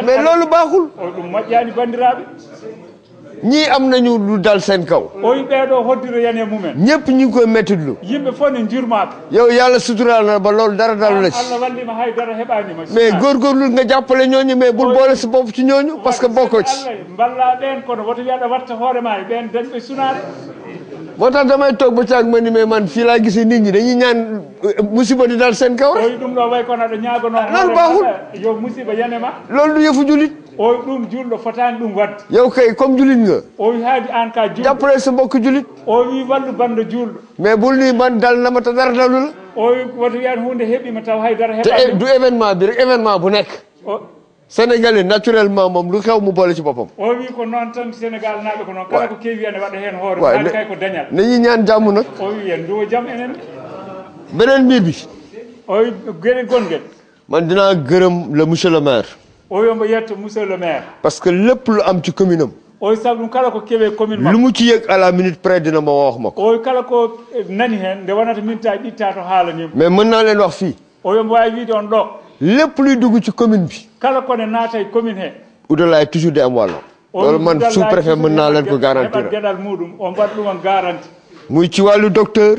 Speaker 4: mais loolu baaxul ɗum moƴƴaani banndiraaɓe
Speaker 3: ñii am nañu lu dal seen kaw
Speaker 4: oyi ɓeeɗo hoddiro yan e
Speaker 3: ñëpp ñu ngi koy mettitlu
Speaker 4: yimɓe fof ne njurmaaka
Speaker 3: yow yàlla suturaal ba lool dara dalu la ci allah wallima nga jàppale ñooñu mais bul boole sa bopp ci parce que bokkoo
Speaker 4: ma e
Speaker 3: moo tax damay toog ba caag ma ni mais man fii laa gisee nit ñi dañuy ñaan euh, musiba di daal seen kaw rek.
Speaker 4: Ah, loolu baaxul. loolu du yëfu julit. yow kay comme julit nga. jàppale sa mbokk julit. mais bul nii man dal na ma te dara dalu la. te du
Speaker 3: événement bi rek événement bu nekk. sénégalais naturellement moom lu xew mu boole ci boppam.
Speaker 4: o wi ko noon tan sénégal naaɓe ko noon kala ko keewi ene waɗa heen hoore an kay ko dañal nañi ñaan jàmm nag o wi en duwo jam enen
Speaker 3: beneen mbir bi
Speaker 4: o wi gene gongel
Speaker 3: man dinaa gërëm le monsieur le maire
Speaker 4: o wi omo yetta monsieur le maire
Speaker 3: parce que lépp lu am ci commune am
Speaker 4: oy sabu ɗum kala ko kewe commune ma lu mu
Speaker 3: ci yëg à la minute près dina ma wax ma ko
Speaker 4: oy kala ko nani heen nde wonata minute aji ɗitta to
Speaker 3: haalanima mais mën naa leen wax fii
Speaker 4: oyon wawi wiide on ɗo
Speaker 3: lépp luy dugg ci commune bi
Speaker 4: kala kone naata e commune he
Speaker 3: Oudalaye toujours de am wàllo loolu mën naa leen ko garantir
Speaker 4: geɗal muɗum o mbaɗa ɗum on garanti
Speaker 3: muy ci wàllu docteur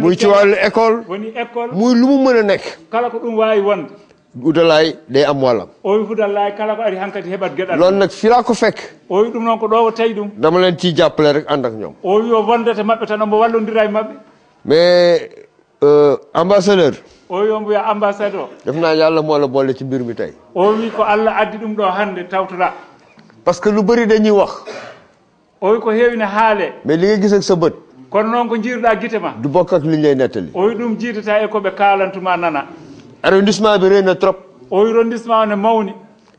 Speaker 4: muy ci wàllu école woni école muy lu mu mën a nekk kala ko ɗum wawi wonde
Speaker 3: Oudalaye day am wàllam
Speaker 4: oyi Oudalaye kala ko ari hankkadi heɓat geɗal loolu nag
Speaker 3: fi laa ko fekk
Speaker 4: oyi ɗum noon ko ɗo tawi ɗum
Speaker 3: dama leen ciy jàppale rek ànd ak ñoom
Speaker 4: oyi o wondete maɓɓe tan omo wallodira
Speaker 3: maɓɓe Euh, ambassadeur
Speaker 4: o wiyombo wiya ambassadeur
Speaker 3: def naa yalla mo la bolé ci bir bi tay.
Speaker 4: o wi ko allah addi dum do hande tawtura. parce que lu bari dañuy wax o wi ko hewina haale
Speaker 3: mais li nga gis ak sa beut.
Speaker 4: Kon non ko jiiruɗa gite ma
Speaker 3: du bok ak li ñu lay nettali
Speaker 4: o wi dum jiidata e ko be kalantuma nana arrondissement bi rëy trop o wi arrondissement ne mawni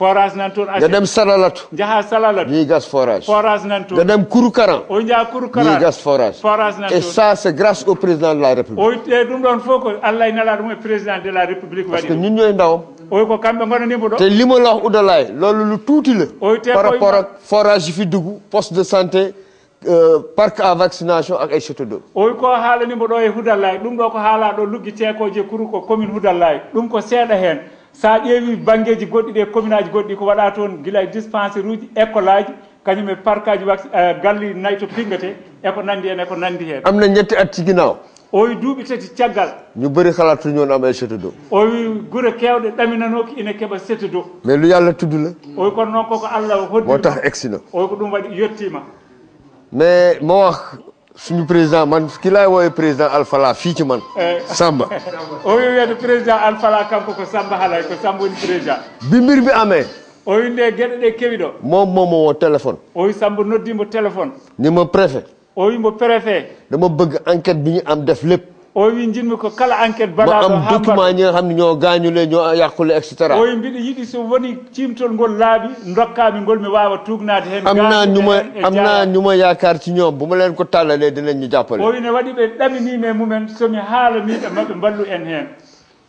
Speaker 4: forage nan toon nga
Speaker 3: dem salalatu jaha salalatu ñuy gas forage forage nan toon nga dem kuru karan o jaa kuru karan gas forage forage nan et ça c' grâce au président de la république
Speaker 4: eh, o e ɗum ɗon fof allah e nalaa président de la république waɗi parce que ñun ñoy ndawam oy ko kamɓe gonanimo do te lima
Speaker 3: la wax udalaye lolu lu touti la par rapport ak forage fi dugg poste de santé euh, parc à vaccination ak ay château d'eau
Speaker 4: oy ko mo do e hudallay dum do ko haala ɗo luggitee ko je kuru ko commune hudallay dum ko seeda hen so a ƴeewi banggueji goɗɗi ɗe commune aji goɗɗi ko waɗa toon gila e dispensaire uji école aji kañum e parc aji wa e galli nayi to pingate eko nandi hen eko nandi hen
Speaker 3: amna ñetti atti ginaw oyi duuɓi tati caggal ñu bëri xala tu ñoon am e sete do
Speaker 4: oyi gure kewɗe ɗaminanoki ina keeɓa sete do
Speaker 3: mais lu yallah tuddu la
Speaker 4: oyi kono noon koko allah hoddi mo tax exina oyi ko ɗum waɗi yettima
Speaker 3: mais mo wax suñu président man ki laay woowe président Alfala fii ci man. Eh. Samba.
Speaker 4: oo yu weesu président Alfala kanko ko Samba halay ko Samba woni président.
Speaker 3: bi mbir bi amee.
Speaker 4: o winde gueɗe ɗe kewi ɗo. moom moom moo téléphone. o wi Samba noddimo téléphone. ni ma préfet. o wi mo
Speaker 3: préfet. dama bëgg enquête bi ñu am def lépp. o wi jinmi ko kala enquête baɗaɗo ma am document ñi nga xam ne ñoo gaañule ñoo yàqule et cetera oyi mbiɗa yiɗi so woni cimtol ngol laaɓi
Speaker 4: dokkami ngol mi wawa tugnade hen am naa ñuma e am
Speaker 3: ñuma yaakaar ci ñoom bu ma leen ko tàllalee dinañ ñu jàppale oyi ne
Speaker 4: waɗi ɓe ɗaminime mumen somi haalamiɓe maɓe mballu en hen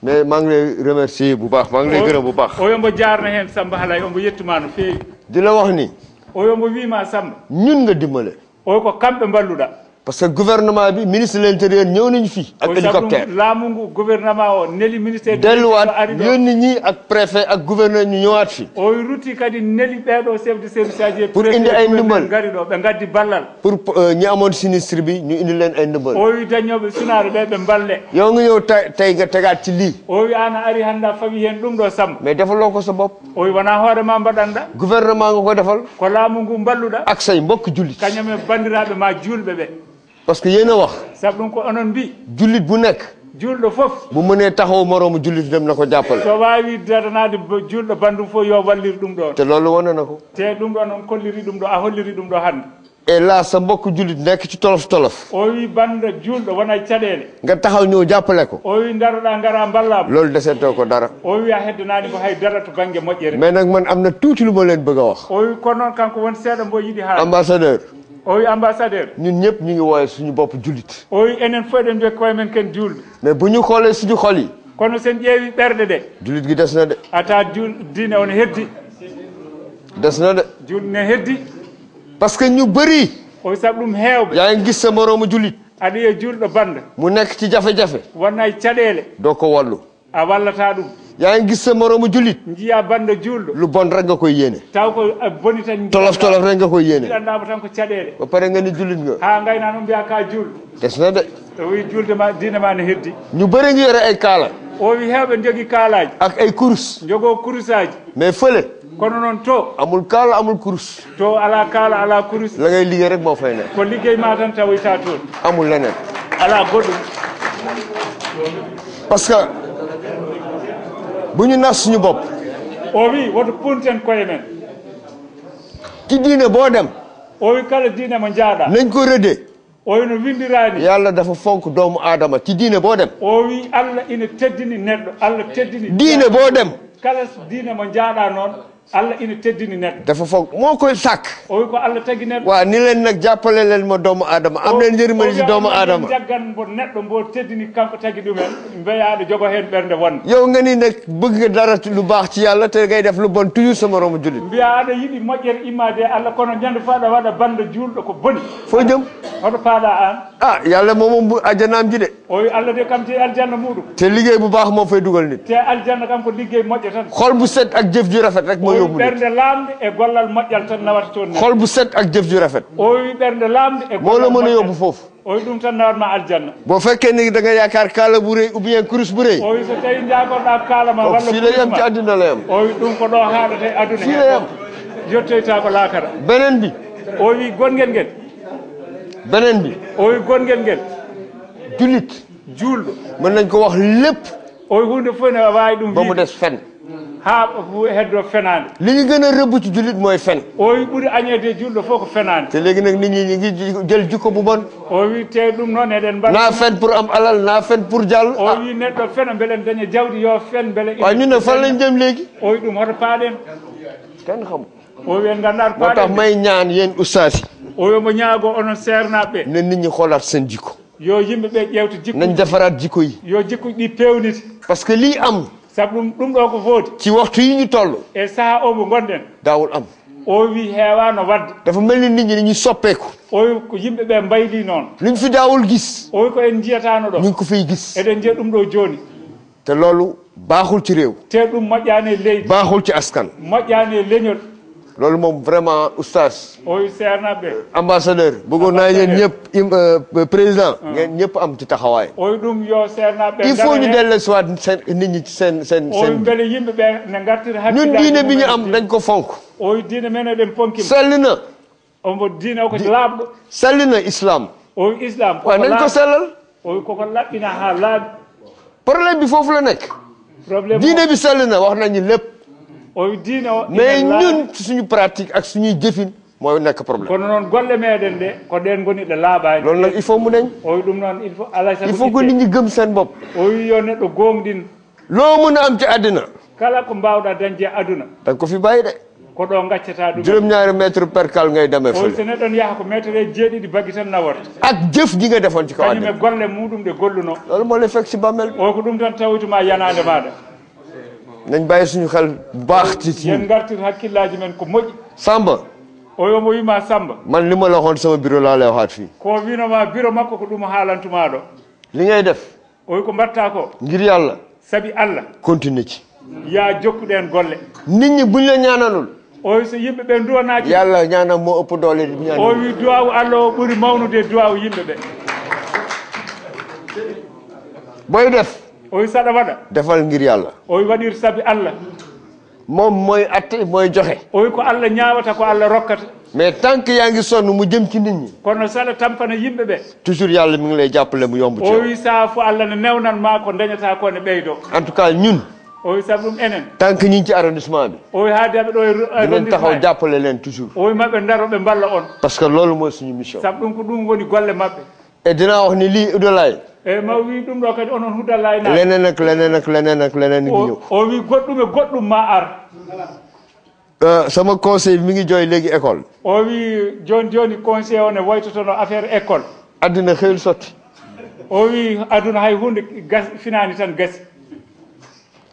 Speaker 3: mais maa ngi lay remercier bu baax maa ngi lay gërëm bu baax oyo
Speaker 4: mbo jaarna hen samba halay ombo yettuma no feewi
Speaker 3: di la wax ni oyo mbo wiima samba ñun nga dimbale oyo ko kamɓe mballuɗa parce que gouvernement bi ministre de l'intérieur ñëw nañu fii ak hélicoptère laamungu gouvernement o neli ministère delluwaat yónni ñi ak préfet ak gouverneur ñu ñëwaat fii
Speaker 4: oy rutti kadi neli ɓeeɗo chef de service
Speaker 3: aji pour indi ay ndumbal gari ɗo ɓe gaddi ballal pour euh, ñi amoon sinistre bi ñu indi leen ay ndimbal oyi
Speaker 4: dañooɓe sunaare ɓe ɓe mballe
Speaker 3: yow nga ñëw ta tay nga tegaat ci lii
Speaker 4: oyi an ari hannde a fawi heen ɗum ɗo samba mais defaloo ko sa bopp oyi wonaa hoore ma mbaɗanɗa gouvernement nga ko defal ko laamu ngu mballuɗa ak say mbokk jullit kañum e banndiraaɓe ma juulɓe ɓee
Speaker 3: parce que yéena wax sabɗum ko onon mbi jullit bu nekk julɗo fof bu mënee taxaw moroomu jullit dem na ko jàppale so waawi dadanaade julɗo bandum fof yo wallir ɗum ɗon te loolu wone na
Speaker 4: ko te ɗum ɗon on kolliri ɗum ɗo a holliri ɗum ɗo hannde e la sa mbokk julit nekk ci tolof tolof o wi banda julɗo wona caɗele
Speaker 3: nga taxaw ñëw jàppale ko
Speaker 4: o wi ndaroɗa ngara mballam
Speaker 3: loolu desetoo ko dara
Speaker 4: o wi a heddanani ko hay dara to banggue moƴƴere mais
Speaker 3: nag man am na lu ma leen bëgg wax o wi
Speaker 4: ko noon kanko won seeɗa mbo yiɗi haa
Speaker 3: ambassadeur oyi ambassadeur ñun ñëpp ñu ngi wooye suñu bopp jullit oyi enen fof eɗen jogi
Speaker 4: koye men ken julɓe
Speaker 3: mais bu ñu xoolee suñu xol yi kono
Speaker 4: sen ƴeewi ɓerɗe ɗe jullit gi des na de ata jul diine on heddi des na de julɗi ne parce que ñu bëri oyi sabu ɗum heewɓe yaa ngi gis sa moroomu
Speaker 3: jullit aɗa yiya julɗo banda mu nekk ci jafe-jafe wonnay caɗeele doo ko wallu a wallata ɗum yaa ngi gis sa moroomu jullit jiya banda juulɗo lu bon rek nga koy yéene taw ko boni tan tolof tolof rek nga koy yéene
Speaker 4: jiɗannaamo tan ko caɗeele
Speaker 3: ba pare nga ni jullit nga
Speaker 4: ha ngayna noon mbiya ka juulɗo des na de o wi julde ma diine ma ne heddi ñu bëri ngi yore ay kaala o wi heɓe jogii kaalaji ak ay kurus jogoo kurusaji mais fële kono noon to amul kaala amul kurus to ala kaala ala kurus la ngay liggéey rek moo fay ne ko liggéey ma tan tawoyta toon amul leneen ala goɗɗum
Speaker 3: parce que bu ñu nax suñu bopp
Speaker 4: o wi woto punten koye men ci diine dem kala diine mo jaaɗa nañ ko rëddee o wi no winndiraani yàlla dafa fonk doomu aadama ci diine boo dem o wi ina teddini neɗɗo allah teddini diine boo dem kala diine mo non. Allah ina teddini neɗɗo
Speaker 3: dafa foog moo koy sàkk
Speaker 4: o wi ko Allah tagi neɗɗo waaw ni
Speaker 3: leen nag jàppale leen ma doomu aadama am na njërimal si doomu aadama
Speaker 4: jaggan mbo neɗɗo mbo teddini kanko tagi ɗumen mbeyaaɗo jogo heen ɓernde wonde
Speaker 3: yow nga ni nag bëgg nga dara lu baax ci yàlla te ngay def lu bon toujours sama romu julit
Speaker 4: mbiya aɗa yiɗi moƴƴere immaade Allah kono ñande faa ɗa waɗa banda juulɗo ko boni fo jëm hoto paaɗa aan ah yàlla moom ajanaam ji de o wi Allah de kam te aljanna muɗum
Speaker 3: te liggéey bu baax moo fay dugal nit
Speaker 4: te aljanna kam ko liggéey moƴƴo tan xol
Speaker 3: bu set ak jëf ju rafet rek yóbbu nit bernde
Speaker 4: laamde e gollal moƴƴal tan nawata o wi bernde a
Speaker 3: boo fekkee ni da nga yaakaar kaala bu rëy bu rëy o wi so
Speaker 4: tawi jaagonɗa kaala ma o wi ɗum ko bi o wi gonngel ngel beneen bi o wi gonngel ngel ko wax lépp o wi hunde fof ne waawi ɗum ba mu des fen ha heddo fenande
Speaker 3: li ñu gëna reub ci julit
Speaker 4: moy fen o yi buri agnede jullo foko fenande te legi nak nit ñi ngi jël jikko bu bon o te dum non eden ba na fen pour am alal na fen pour jall o neddo fen belen dañu jawdi yo fen belen wa ñu ne fa lañ jëm legi o yi dum hoto paaden ken xam
Speaker 3: o wi ngandar paaden motax may ñaan yeen oustasi o wi mo ñaago onon sernabe ne nit ñi xolat sen jikko yo yimbe be ƴewta jikko nañ defaraat jikko yi yo jikko ɗi pewniti parce que li
Speaker 4: am sabu ɗum ɗo ko footi ci waxtu yi ñu toll e saha o mo gonɗen daawol am o wi heewano wadde dafa mel ni nit ñi dañuy soppeeku o wi ko yimɓe ɓe mbayli noon luñ fi daawol gis o wi ko en jiyatano ɗo min ko fi gis eɗen jiya ɗum ɗo jooni te loolu
Speaker 3: baaxul ci réew te ɗum moƴƴaani e leydi baaxul ci askan moƴƴaani e loolu moom vraiment oustaz.
Speaker 4: ooy CRNB.
Speaker 3: ambassadeur bëggoon naa yéen ñëpp euh, euh, président. ngeen ñëpp am ci taxawaay.
Speaker 4: ooy ɗum yo CRNB. il faut ñu
Speaker 3: dellusiwaat seen nit ñi ci seen seen bi ñu am dañ ko fonk. ooy
Speaker 4: diine men eɗen ponki. sell
Speaker 3: na. omo diine o ko laaɓɗo. sell na islam. ooy
Speaker 4: islam koko waaw nañ problème bi foofu la nekk.
Speaker 3: problème diine bi sell na wax nañu lépp. mais ñun
Speaker 4: ci suñu pratique
Speaker 3: ak suñuy jëfin mooy nekk problème kon
Speaker 4: noon golle meɗen de ko ɗen goniɗo laabaji loolu nag il faut mu deñ oy ɗum noon il faut alay il faut que nit ñi
Speaker 3: gëm seen bopp
Speaker 4: oyi yo neɗɗo gonɗin
Speaker 3: loo mën a am ci àddina
Speaker 4: kala ko mbawɗa dañde aduna
Speaker 3: danga ko fi bàyyi de
Speaker 4: ko ɗo gaccata
Speaker 3: ɗum juróom ñaari mètre percal ngay demee fële so
Speaker 4: neɗɗon yaha ko métre e jeeɗiɗi baggi tan naworta ak jëf ji nga defoon ci kaw kañum e golle muɗum ɗe golluno loolu moo lay fekk si bammel o ko ɗum tan tawituma yanade maɗa
Speaker 3: nañ bàyyi suñu xel bu baax ci ci yéen
Speaker 4: ngartir hakkillaaji men ko moƴƴi samba o yomo wima samba
Speaker 3: man li ma la waxoon sama bureau laa lay waxaat fii
Speaker 4: ko winoma bureau makko ko ɗum haalantumaa do li ngay def oy ko mbatta ko ngir yàlla sabi allah
Speaker 3: continue ci yaa jokkuɗen golle nit ñi buñ la ñaanalul oy so yimɓe ɓe ci yàlla ñaanam moo ëpp doole di ñaan o wi
Speaker 4: duwawu allah o ɓuri mawnude duwawu yimɓe ɓe
Speaker 3: boy def
Speaker 4: oy saɗa waɗa
Speaker 3: defal ngir yàlla
Speaker 4: oy waɗir sabi allah moom mooy atte mooy joxe oy ko allah ñaawata ko allah rokkata mais tant que yaa ngi sonn mu jëm ci nit ñi kono sala tampana yimɓe ɓe
Speaker 3: toujours yàlla mi ngi lay jàppale mu yomb ci oy
Speaker 4: saa fu allah ne newnan ma ko dañata ko ne ɓeydoo en tout cas ñun oy sabu ɗum enen
Speaker 3: tant que ñi ci arrondissement bi
Speaker 4: oy haadaɓe ɗo dinen e e taxaw
Speaker 3: jàppale leen toujours oy maɓe ndaro ɓe mballa on parce que loolu mooy suñu mission sabu ɗum
Speaker 4: ko ɗum woni golle maɓɓe e
Speaker 3: dinaa wax ni lii idolaye
Speaker 4: ma wi dum do kadi onon huda laynaɓe lenen
Speaker 3: ak lenen ak lenen ak lenen ngi ñëw
Speaker 4: o wi goɗɗum e goɗɗum ma ar
Speaker 3: sama conseil mi ngi joy legi école
Speaker 4: o wi joni joni conseil on o ne no affaire école adduna xewil soti o wi aduna hay hunde gas finani tan gas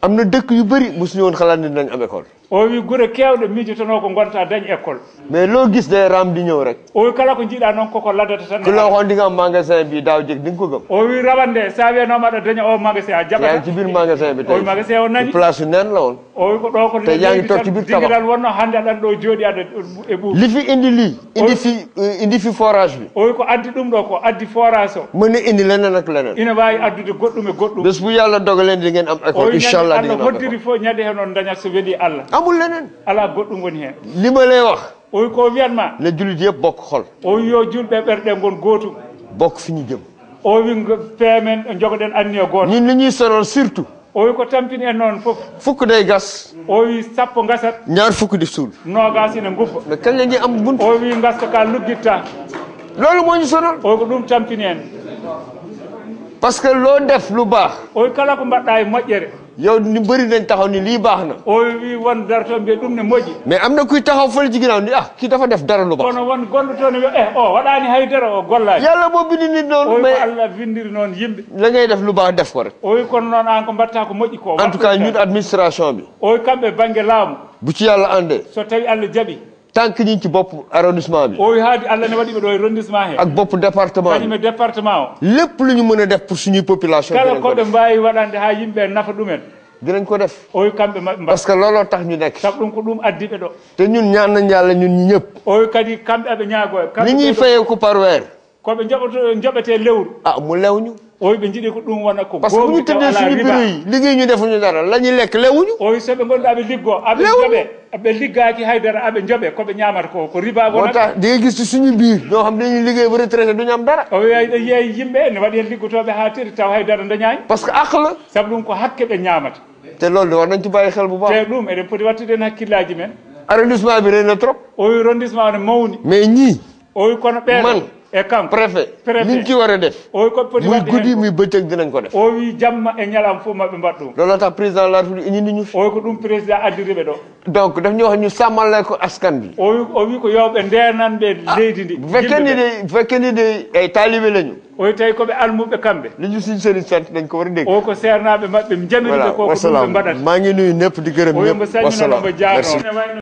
Speaker 3: amna dekk yu bari mosuñu woon xalaat ne dinañ am école
Speaker 4: o wi gure kewɗe miijotono ko gonta dañ
Speaker 3: école mais lo gis day ramdi ñëw rek
Speaker 4: o wi kala ko jiiɗa noon koko laddata tan
Speaker 3: kilo hondingam magasin bi daw jeg dinkugam o wi rawande sa wiyanomaɗa daña o magasin a jaɓata yan ci bir magasin bi tawi magasin o nani place
Speaker 4: nen la won o wi ko ɗo ko te yaangi toog ci bir tabax wonno hande aɗan ɗo jooɗi aɗa e ɓuuɓ li fi indi li indi fi indi fi forage bi o wi ko addi ɗum ɗo ko addi forage o
Speaker 3: mën na indi leneen ak leneen ina wawi addude goɗɗum e goɗɗum bes bu yàlla dogaleen di ngeen am école inchallah di ngeen am école o wi hoddiri
Speaker 4: fof ñande hen on dañat so weeli allah amul leneen. ala goɗɗum woni heen. li ma lay wax. oy ko wiyatma.
Speaker 3: ne jullit yëpp bokk xol.
Speaker 4: oy yo julɓe ɓerɗe ngon gootum. bokk fi ñu jëm. o wi peemen jogoɗen anniyo e gooto. ñun li ñuy sonal surtout. o wi ko tampini en noon fof fukk day gas o wi sappo gasat
Speaker 3: ñaar fukk di suul
Speaker 4: noogas ina ngubba mais kañ la am buntu o wi ngaska ka luggitta loolu moo ñu sonal o ko ɗum tampini en parce que loo def lu baax oy kala ko mbaɗɗa e moƴƴere yow ni bëri nañ taxaw ni lii baax na oy wi won darto mbiye ɗum ne moƴƴi mais am na kuy taxaw fële ci ginnaaw ni ah kii dafa def dara lu baax kono won gonɗo toon e eh o waɗani o allah bindiri noon yimɓe la ngay def lu baax def ko rek oy kono noon an ko mbatta ko moƴƴi ko en tout
Speaker 3: kamɓe banggue laamu bu ci yàlla àndee so tawi allah jaaɓi tant que ñi ci bopp arrondissement bi o haadi allah ne waɗi ɓe ɗo arrondissement e he ak bopp département kañum e
Speaker 4: département
Speaker 3: lépp lu ñu mën a def pour suñuy population kala koɓe
Speaker 4: mbawi waɗande ha yimɓe nafa ɗumen dinañ ko def oy kamɓe parce que looloo tax ñu nekk sabu ɗum ko ɗum addi ɓe ɗo te ñun ñaan nañ yàlla ñun ñëpp oy kadi kamɓe aɓe ñaago e. ni ñuy fayee ko par ko ɓe jaɓato jaɓete ya lewru ah mu lewñu oyi ɓe jiɗi ko ɗum wona ko parce que ñu tëddee suñu bureau yi
Speaker 3: liggéey ñu defuñu
Speaker 4: dara la ñuy lekk lewuñu oyi so ɓe gonɗa ɓe liggo aɓe joɓe ɓe liggaki haydara aɓe joɓe koɓe ñamata ko ko riba wonata
Speaker 3: de gis suñu biir ñoo xam dañuy liggéey ba retraité duñu am dara o yeey
Speaker 4: yeey yimɓe ne waɗi hen liggotoɓe ha tiri taw haydara dañani parce que aqla saabu ɗum ko hakke ɓe ñamata te loolu war nañ ci bàyyi xel bu baax te ɗum eɗen poti wattude hen hakkillaji ya men arrondissement bi rey trop oyi arrondissement ne mawni mais ñii oyi kono ɓeeɗo man e kanko préfet war a def muy guddi muy
Speaker 3: bëccëg dinañ ko def
Speaker 4: o wi jamma e ñalam fof maɓe mbat ɗum loolu tax président de la république iñindi ñu fi oy ko ɗum président addiri ɓe ɗo donc daf ñu wax ñu sàmmalle ko askan bi o wi o wi ko yowɓe ndenanɓe ah, leydi ndi
Speaker 3: fekkeni de
Speaker 4: fekkeni de ay taalibe lañu oy tawi koɓe almuɓe kamɓe liñu suñ sëriñ sant dañ ko war a dégg o ko seernaɓe ko ko ɗum ɓe mbaɗata maa ngi nuyu ñëpp di gërëm ñëpp wasalaam merci